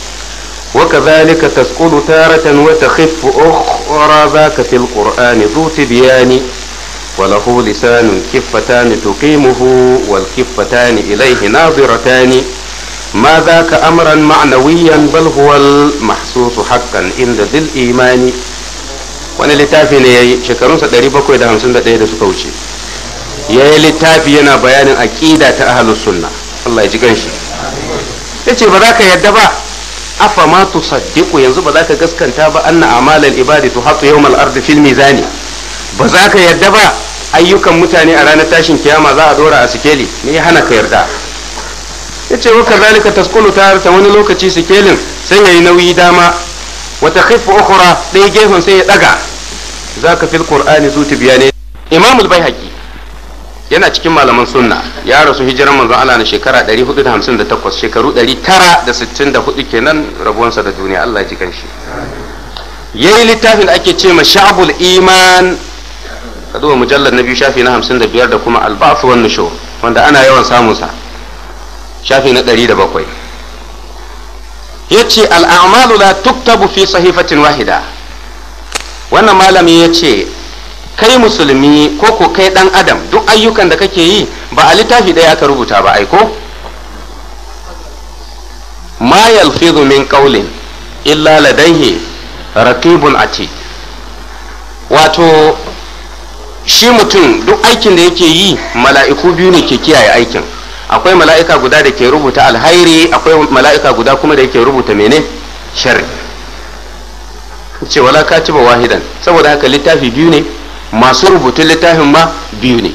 وكذلك تسقط تارة وتخف أخرى ذاك في القرآن ذو تبيان وله لسان كفتان تقيمه والكفتان إليه ناظرتان ما ذاك أمرا معنويا بل هو المحسوس حقا عند ذي الإيمان wani littafi ne ya yi shekarunsa 751 da suka wuce ya littafi yana bayanin aƙida ta ahalus sunna Yace ba za ka yadda ba afa ma tu saddiqu yanzu ba za ka gaskanta ba anna amalal ibadi tu hatu yawmal ardi fil mizani ba za ka yadda ba ayyukan mutane a ranar tashin kiyama za a dora a sikeli ne ya hana ka yarda ya ce wa kazalika taskulu ta wani lokaci sikelin sai ya yi nauyi dama wata khifu ukhra ɗaya gefen sai ya ɗaga zaka fil qur'ani ne imamu imamul baihaqi yana cikin malaman sunna ya rasu hijiran manzon Allah na shekara 458 shekaru 964 kenan rabuwansa da duniya Allah ya ji kanshi yayi littafin da ake ce ma sha'bul iman ka duba mujallar na biyu shafi na hamsin da biyar da kuma albasu wan nushur wanda ana yawan samun sa shafi na ɗari da bakwai ya ce al'amalu la tuktabu fi sahifatin wahida wannan malami ya ce kai musulmi ko ko kai dan adam duk ayyukan da kake yi ba a littafi ɗaya aka rubuta ba aiko ma yalfidhu min qawlin illa rakibun raqibun atid wato shi mutum duk aikin da yake yi mala'iku biyu ne ke kiyaye aikin akwai mala'ika guda da ke rubuta alhairi akwai mala'ika guda kuma da yake rubuta mene shari ce wala katiba wahidan saboda haka littafi biyu ne masu rubutun littafin ma biyu ne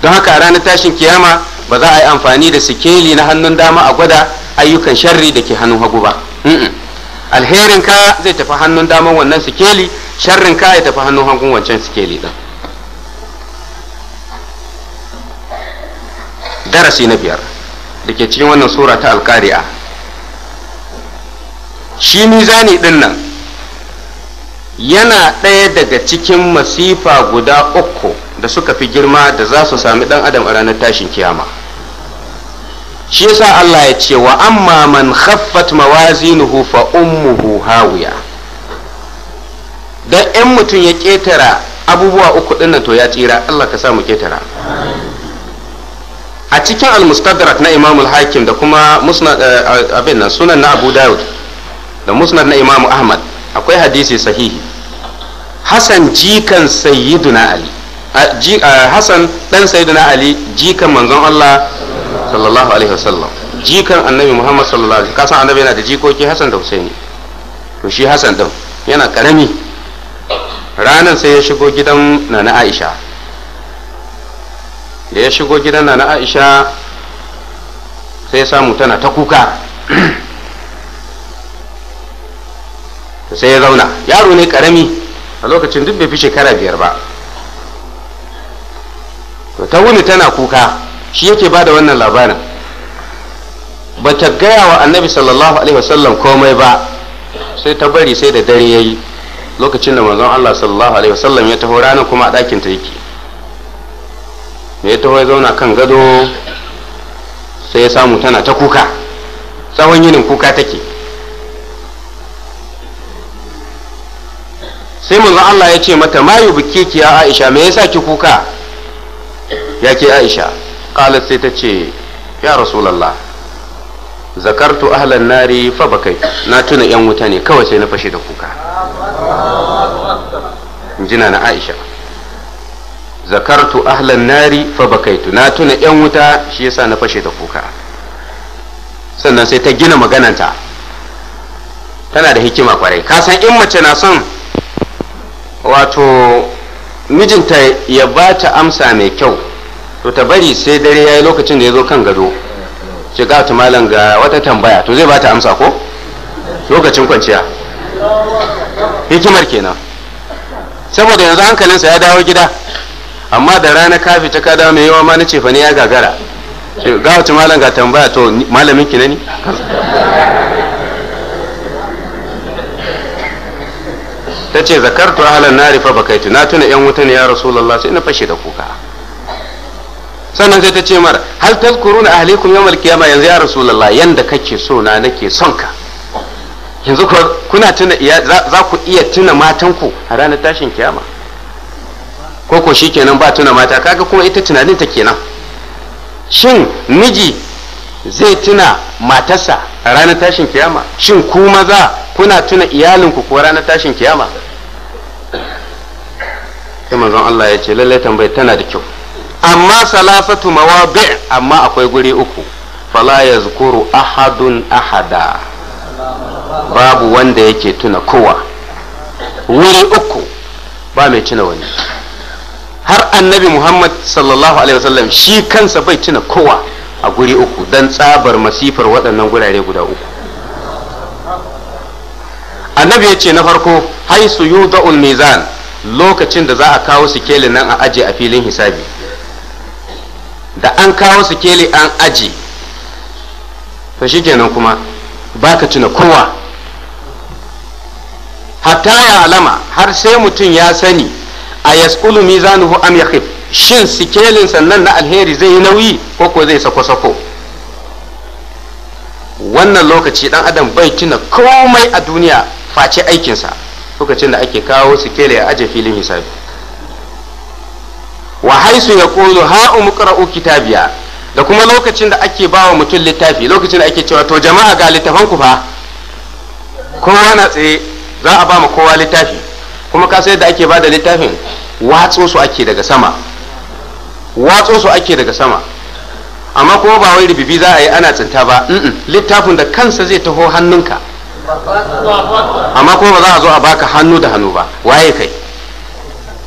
don haka ranar tashin kiyama ba za a yi amfani da sikeli na hannun dama a gwada ayyukan sharri da ke hannun hagu ba alherinka zai tafi hannun daman wannan sikeli ka ya tafi hannun hagun wancan sikeli ɗin darasi na biyar da ke cikin wannan sura ta alkari'a shi mizani din nan yana ɗaya daga cikin masifa guda uku da suka fi girma da za su sami ɗan adam a ranar tashin kiyama shi yasa Allah ya ce wa amma man khaffat mawazinuhu fa ummuhu hawiya dan in mutum ya ketara abubuwa uku ɗin nan to ya tsira Allah ka sa mu ketara a cikin al-mustadrak na imam al-hakim da kuma musnad eh, abin nan sunan na abu dawud da musnad na imam ahmad akwai hadisi sahihi hasan jikan sayyiduna ali hasan dan sayyiduna ali jikan manzon allah sallallahu alaihi wasallam jikan annabi muhammad sallallahu alaihi kasan annabi yana da jikoki hasan da husaini to shi hasan din yana karami ranan sai ya shigo gidan nana aisha da ya shigo gidan na aisha sai samu tana ta kuka sai ya zauna yaro ne karami a lokacin duk bai fi shekara biyar ba to ta wuni tana kuka shi yake ba da wannan labarin ba ta gaya wa annabi sallallahu alaihi wasallam komai ba sai ta bari sai da dare ya yi lokacin da manzon allah sallallahu alaihi wasallam ya taho ranar kuma a ɗakin ta yake Me ya taho ya zauna kan gado sai ya samu tana ta kuka tsawon yinin kuka take sai manzon Allah ya ce mata ma yubki ki ya Aisha me yasa ki kuka ya ke Aisha qalat sai ta ce ya Zakar zakartu ahlan nari fa bakai na tuna yan wuta ne kawai sai na fashe da kuka jina na Aisha zakartu ahlan nari fa bakaitu na tuna yan wuta shi yasa na fashe da kuka sannan sai ta gina magananta tana da hikima kwarai ka in mace na son wato mijinta ya ba ta amsa mai kyau to ta bari sai dare ya yi lokacin da ya zo kan gado shiga ta malam ga wata tambaya to zai ba ta amsa ko lokacin kwanciya hikimar kenan saboda yanzu hankalinsa ya dawo gida amma da rana ka ta kada da mai yawa ma nace fa ne ya gagara ga wata malam ga tambaya to malamin ki ne ni ta ce zakartu ahlan nari fa bakaitu na tuna yan wuta ne ya rasulullah sai na fashe da kuka sannan sai ta ce mar hal tazkuruna ahlikum yawmal qiyamah yanzu ya rasulullah yanda kake so na nake son ka yanzu kuna tuna za ku iya tuna matanku a ranar tashin kiyama ko ko shikenan ba tuna mata kaga kuma ita tunanin ta kenan shin miji zai tuna matarsa a ranar tashin kiyama shin ku maza kuna tuna iyalinku ko ranar tashin kiyama sai manzon Allah ya ce lallai tambayi tana da kyau amma salasatu mawabi amma akwai guri uku fala yazkuru ahadun ahada babu wanda yake tuna kowa wuri uku ba mai tuna wani har annabi muhammad sallallahu alaihi wasallam shi kansa bai tuna kowa a guri uku don tsabar masifar waɗannan gurare guda uku annabi ya ce na farko haisu yudha'ul mizan lokacin da za a kawo sikeli nan a aje a filin hisabi da an kawo sikeli an aje to kenan kuma baka tuna kowa hatta ya alama har sai mutum ya sani a yasqulu mizanuhu am yakhif shin sikelin sannan na alheri zai yi nauyi ko ko zai sako-sako wannan lokaci dan adam bai tuna komai a duniya face aikinsa lokacin da ake kawo sikele a aje filin hisabi wa haisu ya kulu ha umqra'u kitabiya da kuma lokacin da ake bawa mutum littafi lokacin da ake cewa to jama'a ga littafan ku fa kowa na tsaye za a ba mu kowa littafi kuma ka sai da ake bada littafin watso su ake daga sama watso su ake daga sama amma kuma ba wai rububi za a yi ana tsinta ba littafin da kansa zai taho hannunka amma kuma ba za a zo a baka hannu da hannu ba waye kai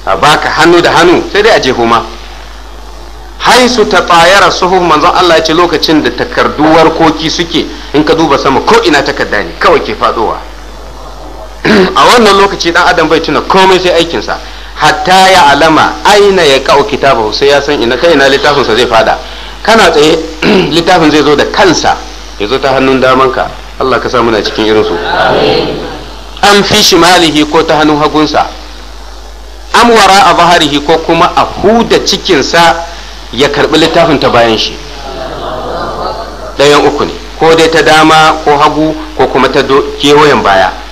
a baka hannu da hannu sai dai a je ma haisu ta tsayar suhuf manzon Allah ya ce lokacin da takarduwar koki suke in ka duba sama ko ina takarda ne kawai ke fadowa a wannan lokaci dan adam bai tuna komai sai sa hatta ya alama aina ya ka'u kitabu sai ya san ina kai ina littafinsa zai fada kana tsaye [CLEARS THROAT] littafin zai zo da kansa ya zo ta hannun damanka Allah ka sa muna cikin irin su an fi shimalihi ko ta hannun hagunsa an wara a baharihi ko kuma a huda cikinsa ya karbi littafin ta bayan shi dayan uku ne ko dai ta dama ko hagu ko kuma ta kewayen baya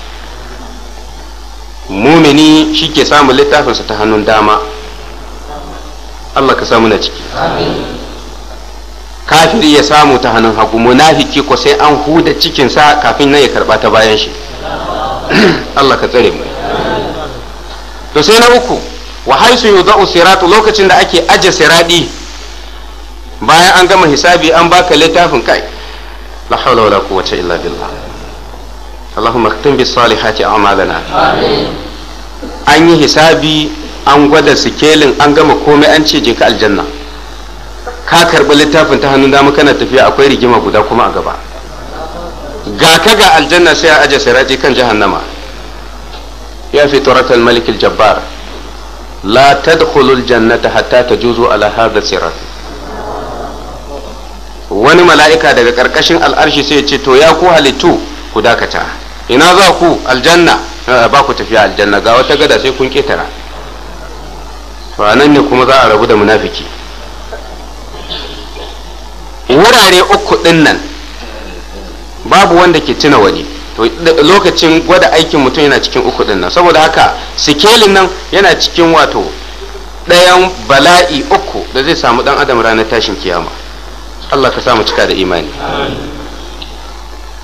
mumini shi ke samun littafinsa ta hannun dama Allah ka samu na ciki kafiri ya samu ta hannun hagu munafiki ko sai an huda cikinsa kafin nan ya karba ta bayan shi [CLEARS THROAT] Allah ka tsare mu to sai na uku wa haisu yudau siratu lokacin da ake aje siradi bayan an gama hisabi an baka littafin kai la hawla wala quwwata illa billah اللهم اختم بالصالحات أعمالنا آمين an yi hisabi an gwada sikelin an gama komai an ce je ka aljanna ka karɓi littafin ta hannun dama kana tafiya akwai rigima guda kuma a gaba ga ka ga aljanna sai a aje siraji kan jahannama ya fi turatul malikil jabbar la tadkhulul jannata hatta tajuzu ala hadha sirat wani mala'ika daga karkashin al'arshi sai ya ce to ya ku halittu ku dakata ina za ku aljanna Eh, ba ku tafiya aljanna ga wata gada sai kun ketara to anan ne kuma za a rabu da munafiki wurare uku din nan babu wanda ke tuna wani to lokacin gwada aikin mutum yana cikin uku din nan saboda haka sikelin nan yana cikin wato ɗayan bala'i uku da zai samu dan adam ranar tashin kiyama Allah ka samu cika da imani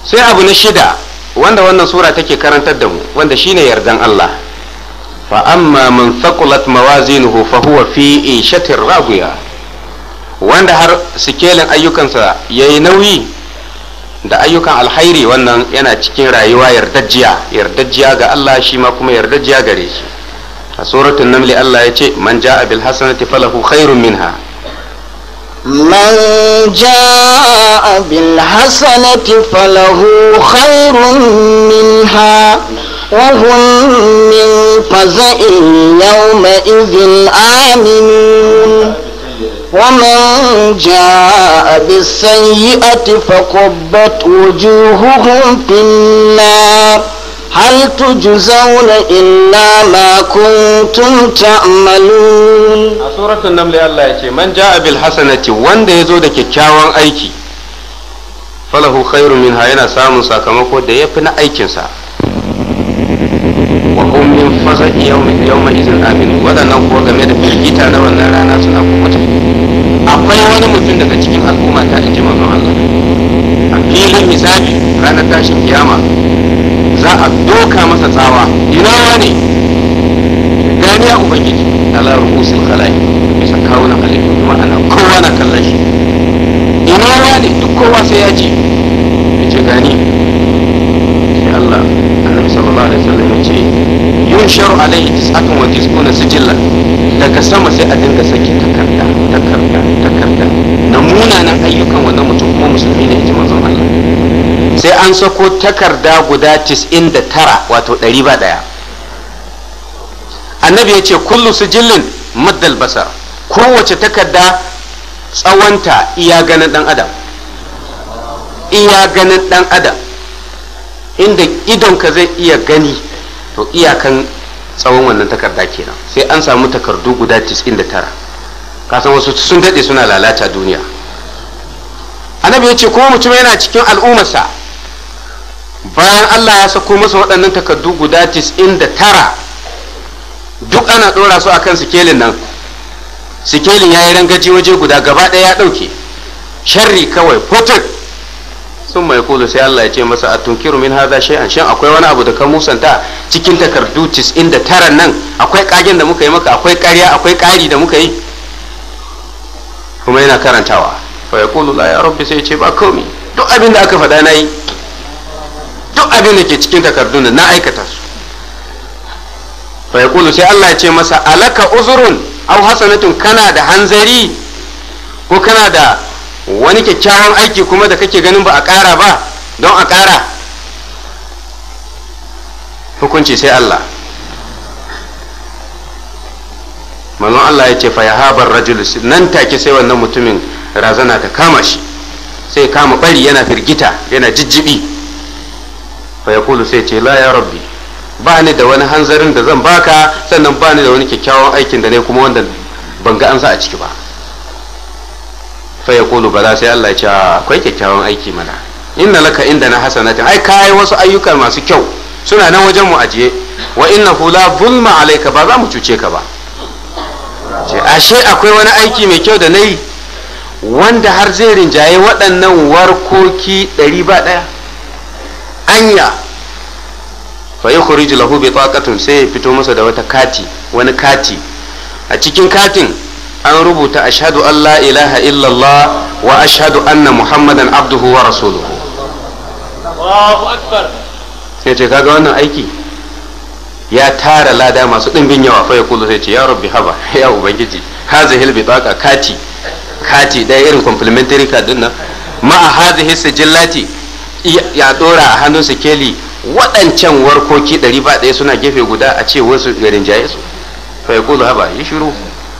sai abu na shida wanda wannan sura take karantar da mu wanda shine yardan Allah fa amma man thaqulat mawazinuhu fa huwa fi ishatir rawiya wanda har sikelin ayyukansa yayi nauyi da ayyukan alhairi wannan yana cikin rayuwa yardajiya yardajiya ga Allah shi ma kuma yardajiya gare shi a suratul namli Allah ya ce man ja'a bil hasanati falahu khairun minha man جاء بالحسنة فله خير منها وهم من فزع يومئذ آمنون ومن جاء بالسيئة فقبت وجوههم في النار هل تجزون إلا ما كنتم تعملون سورة النمل الله يقول من جاء بالحسنة وان دي زودة كيكاوان ايكي فله خير من هاينا سامن ساكمكو دي يبنى ايكي سا وهم من فزع يوم يوم إذن آمن ودنا هو جميع بالجيتا نوانا رانا سنقوم أقوى وانا متندك تكين الأمة تأتي من الله a filin hisabi ranar tashin kiyama za a doka masa tsawa ina ne gani ya ubangiji ala rubusul khalai bisa kawunan halittu kuma ana kowa na kallon shi ina ne duk kowa sai ya ce ya ce gani da Allah annabi sallallahu alaihi wasallam ya ce yun alaihi tis'atun wa tis'una sijilla daga sama sai a dinga saki takarda takarda takarda na munanan ayyukan wannan mutum kuma musulmi ne ji manzon Allah sai an sako takarda guda 99 wato 100 ba daya annabi ya ce kullu sijillin maddal basar kowace takarda tsawonta iya ganin dan adam iya ganin dan adam inda idonka zai iya gani to iyakan tsawon wannan takarda kenan sai an samu takardu guda 99 kasan wasu sun daɗe suna lalata duniya annabi ya ce kuma mutum yana cikin al'ummarsa bayan allah ya sako masa waɗannan takardu guda 99 duk ana ɗora su akan sikelin nan sikelin ya yi rangaji waje guda gaba ɗaya ya ɗauke sharri kawai fotok sun mai kulu sai Allah ya ce masa a tunkiru min haza shi an shin akwai wani abu da ka musanta cikin takardu 99 nan akwai kagen da muka yi maka akwai ƙarya akwai ƙari da muka yi kuma yana karantawa fa yaqulu la ya rabbi sai ce ba komi duk abin da aka faɗa na yi duk abin da ke cikin takardun na aikata su fa ya kulu sai Allah ya ce masa alaka uzurun aw hasanatun kana da hanzari ko kana da wani kyakkyawan aiki kuma da kake ganin ba a ƙara ba don a ƙara hukunci sai Allah manzon Allah ya ce faya yahabar rajul nan take sai wannan mutumin razana ta kama shi sai kama bari yana firgita yana jijjibi fa kulu sai ce la ya rabbi ba ni da wani hanzarin da zan baka sannan ba ni da wani kyakkyawan aikin da ne kuma wanda ban ga an sa a ciki ba fa ba za sai Allah ya ce ah, akwai kyakkyawan aiki mana inna laka inda na hasanatin ai kai wasu ayyuka masu kyau suna nan wajen mu ajiye wa inna la zulma alayka ba za mu cuce ka ba ce ashe akwai wani aiki mai kyau da nayi wanda har zai rinjaye waɗannan warkoki ɗari ba ɗaya anya fa yi kuriji lahu bi sai ya fito masa da wata kati wani kati a cikin katin an rubuta ashadu an la ilaha illallah wa ashadu anna muhammadan abduhu wa rasuluhu sai ce kaga wannan aiki ya tara lada masu ɗimbin yawa fa ya kulu sai ce ya rabbi haba [LAUGHS] ya ubangiji hazihil bitaqa kati kati ɗaya irin complimentary card din nan ma'a hazihi jillati ya dora a hannun keli. waɗancan warkoki ɗari ba ɗaya suna gefe guda a ce wasu rinjaye su fa ya kulu haba ya shiru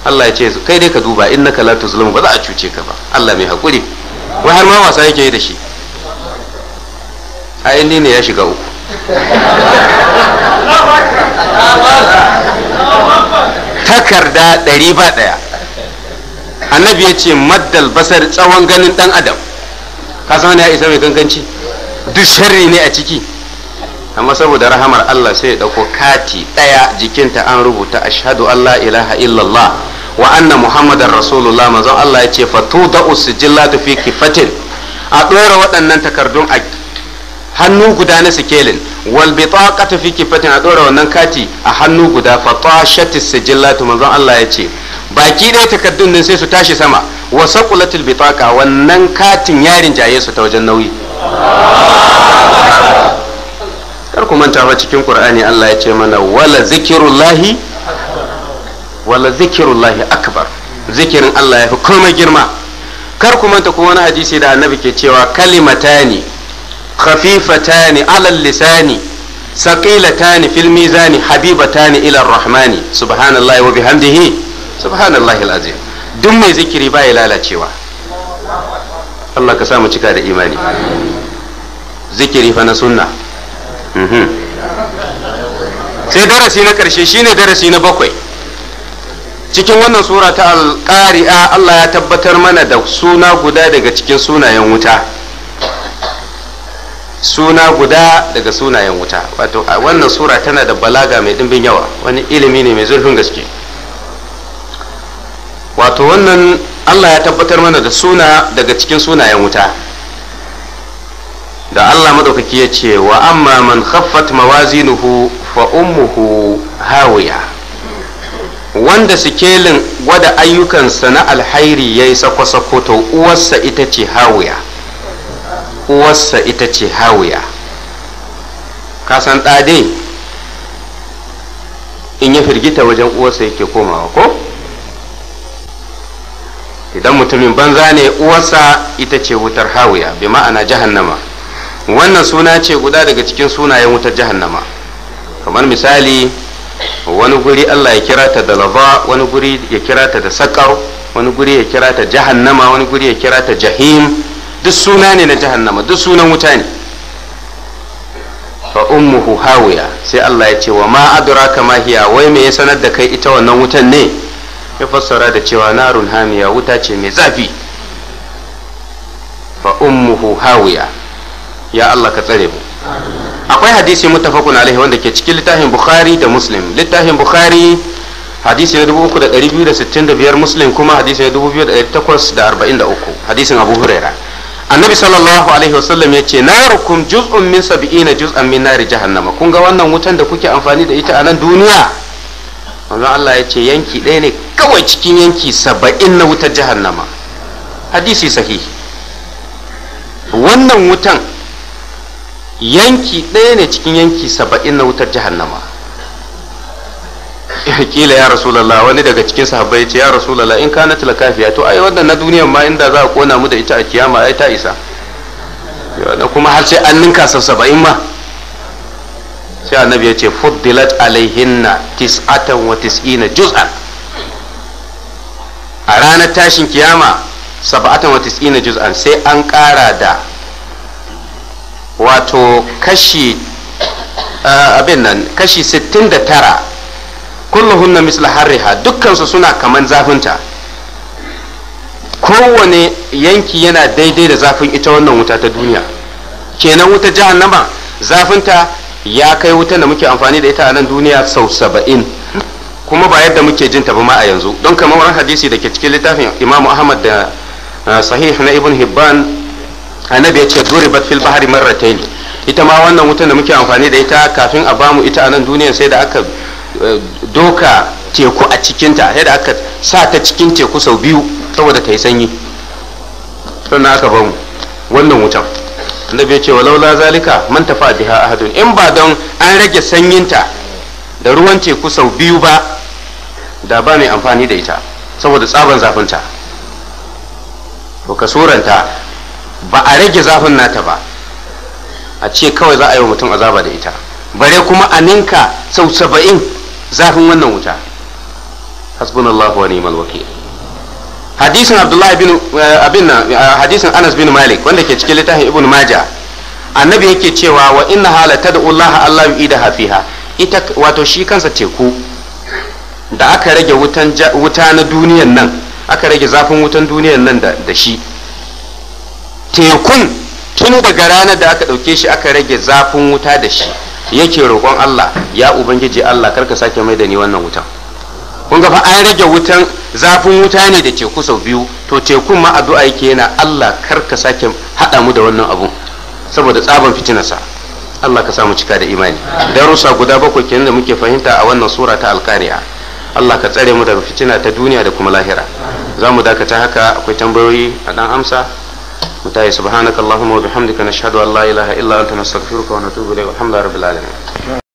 Allah ya ce kai dai ka duba innaka la tuzlamu ba za a cuce ka ba Allah mai hakuri wai har ma wasa yake yi da shi a indi ne ya shiga uku takarda ɗari ba ɗaya annabi ya ce maddal basar tsawon ganin ɗan adam ka san ya isa mai ganganci duk sharri ne a ciki amma saboda rahamar Allah sai ya ɗauko kati daya jikinta an rubuta ashhadu Allah ilaha illallah wa anna muhammadar rasulullah manzon Allah ya ce fa fatu da usijillatu fi kifatin a ɗora waɗannan takardun a hannu guda na sikelin wal bitaqatu fi kifatin a ɗora wannan kati a hannu guda fatashati sijillatu manzon Allah ya ce baki ɗaya takardun din sai su tashi sama wa saqulatul bitaqa wannan katin yarin jaye su ta wajen nauyi kar ku manta ba cikin qur'ani Allah ya ce mana wala zikirullahi wala zikirullahi akbar zikirin Allah ya fi komai girma kar ku manta kuma wani hadisi da annabi ke cewa kalimatani khafifatani alal lisani saqilatani fil mizani habibatani ila rahmani subhanallahi wa bihamdihi subhanallahi alazim duk mai zikiri ba ya lalacewa Allah ka sa mu cika da imani zikiri fa na sunna sai darasi na ƙarshe shine darasi na bakwai cikin wannan sura ta alƙari'a Allah ya tabbatar mana da suna guda daga cikin sunayen wuta suna guda daga sunayen wuta wato a wannan sura tana da balaga mai ɗimbin yawa wani ilimi ne mai zurfin gaske wato wannan Allah ya tabbatar mana da suna daga cikin sunayen wuta da Allah madaukaki ya ce wa amma man khaffat mawazinuhu fa ummuhu hawiya wanda sikelin gwada ayyukansa na alhairi ya yi sako to uwarsa ita ce hawiya uwarsa ita ce hawiya kasan ɗade in ya firgita wajen uwarsa yake komawa ko idan mutumin banza ne uwarsa ita ce wutar hawiya bi ma'ana jahannama wannan suna ce guda daga cikin sunayen wutar jahannama kamar misali wani guri Allah ya kira ta da lava wani guri ya kira ta da sakar wani guri ya kira ta jahannama wani guri ya kira ta jahim duk suna ne na jahannama duk sunan wuta ne fa ummuhu hawiya sai Allah ya ce wa ma adraka ma hiya wai me ya sanar da kai ita wannan wutan ne ya fassara da cewa narun hamiya wuta ce mai zafi fa ummuhu hawiya ya Allah ka tsare mu akwai hadisi mutafakun alaihi wanda ke cikin littafin bukhari da muslim littafin bukhari hadisi na biyar muslim kuma hadisi na 2843 hadisin abu huraira annabi sallallahu alaihi wasallam ya ce narukum juz'un min sab'ina juz'an min nari jahannama kun ga wannan wutan da kuke amfani da ita a nan duniya manzon Allah ya ce yanki ɗaya ne kawai cikin yanki saba'in na wutar jahannama hadisi sahihi wannan wutan yanki ɗaya ne cikin yanki saba'in na wutar jahannama [LAUGHS] kila ya rasulallah wani daga cikin sahabbai ce ya rasulallah in kana tilakafiya to ai wannan na duniyan ma inda za a kona mu da ita a kiyama ai ta isa kuma har sai an ninka sau saba'in ma sai annabi ya ce fuddilat alaihinna tis'atan wa tis'ina juz'an a ranar tashin kiyama saba'atan wa tis'ina juz'an sai an ƙara da wato kashi abin nan kashi 69 kulluhunna misla harriha dukkansu suna kaman zafinta kowane yanki yana daidai da zafin ita wannan wuta ta duniya kenan wuta nama zafinta ya kai wuta da muke amfani da ita a nan duniya sau saba'in kuma ba yadda muke jin ta ma a yanzu don kamar hadisi da ke cikin littafin imamu ahmad da sahih na ibn hibban annabi ya ce duribat fil bahari marratayn ita ma wannan wutan da muke amfani da ita kafin a bamu ita a nan duniya sai da aka eh, doka teku a cikinta sai da aka sa ta cikin teku sau biyu saboda ta yi sanyi na aka bamu wannan wutan annabi ya ce walaula zalika man tafa biha ahadun in ba don an rage sanyinta da ruwan teku sau biyu ba da ba mai amfani da ita saboda tsaban zafinta ka kasuranta ba a rage zafin nata ba a ce kawai za a yi wa mutum azaba da ita bare kuma a ninka sau saba'in zafin wannan wuta hasbunallahu wa ni'mal wakil hadisin abdullahi bin eh, abin eh, hadisin anas bin malik wanda ke cikin littafin ibn majah annabi yake cewa wa inna hala tad'u allah allah yu'idaha hafiha. ita wato shi kansa teku da aka rage wuta na duniyan nan aka rage zafin wutan duniyan nan da shi tekun tun daga ranar da aka ɗauke shi aka rage zafin wuta da shi yake roƙon Allah ya ubangiji Allah karka sake mai da ni wannan wutan kun ga fa an rage wutan zafin wuta ne da teku sau biyu to tekun ma addu'a yake yana Allah karka sake haɗa mu da wannan abun saboda tsaban fitinarsa Allah ka samu cika da imani darussa guda bakwai kenan da muke fahimta a wannan sura ta alkariya Allah ka tsare mu daga fitina ta duniya da kuma lahira za mu dakata haka akwai tambayoyi a ɗan amsa انتهي سبحانك اللهم وبحمدك نشهد أن لا إله إلا أنت نستغفرك ونتوب إليك والحمد لله رب العالمين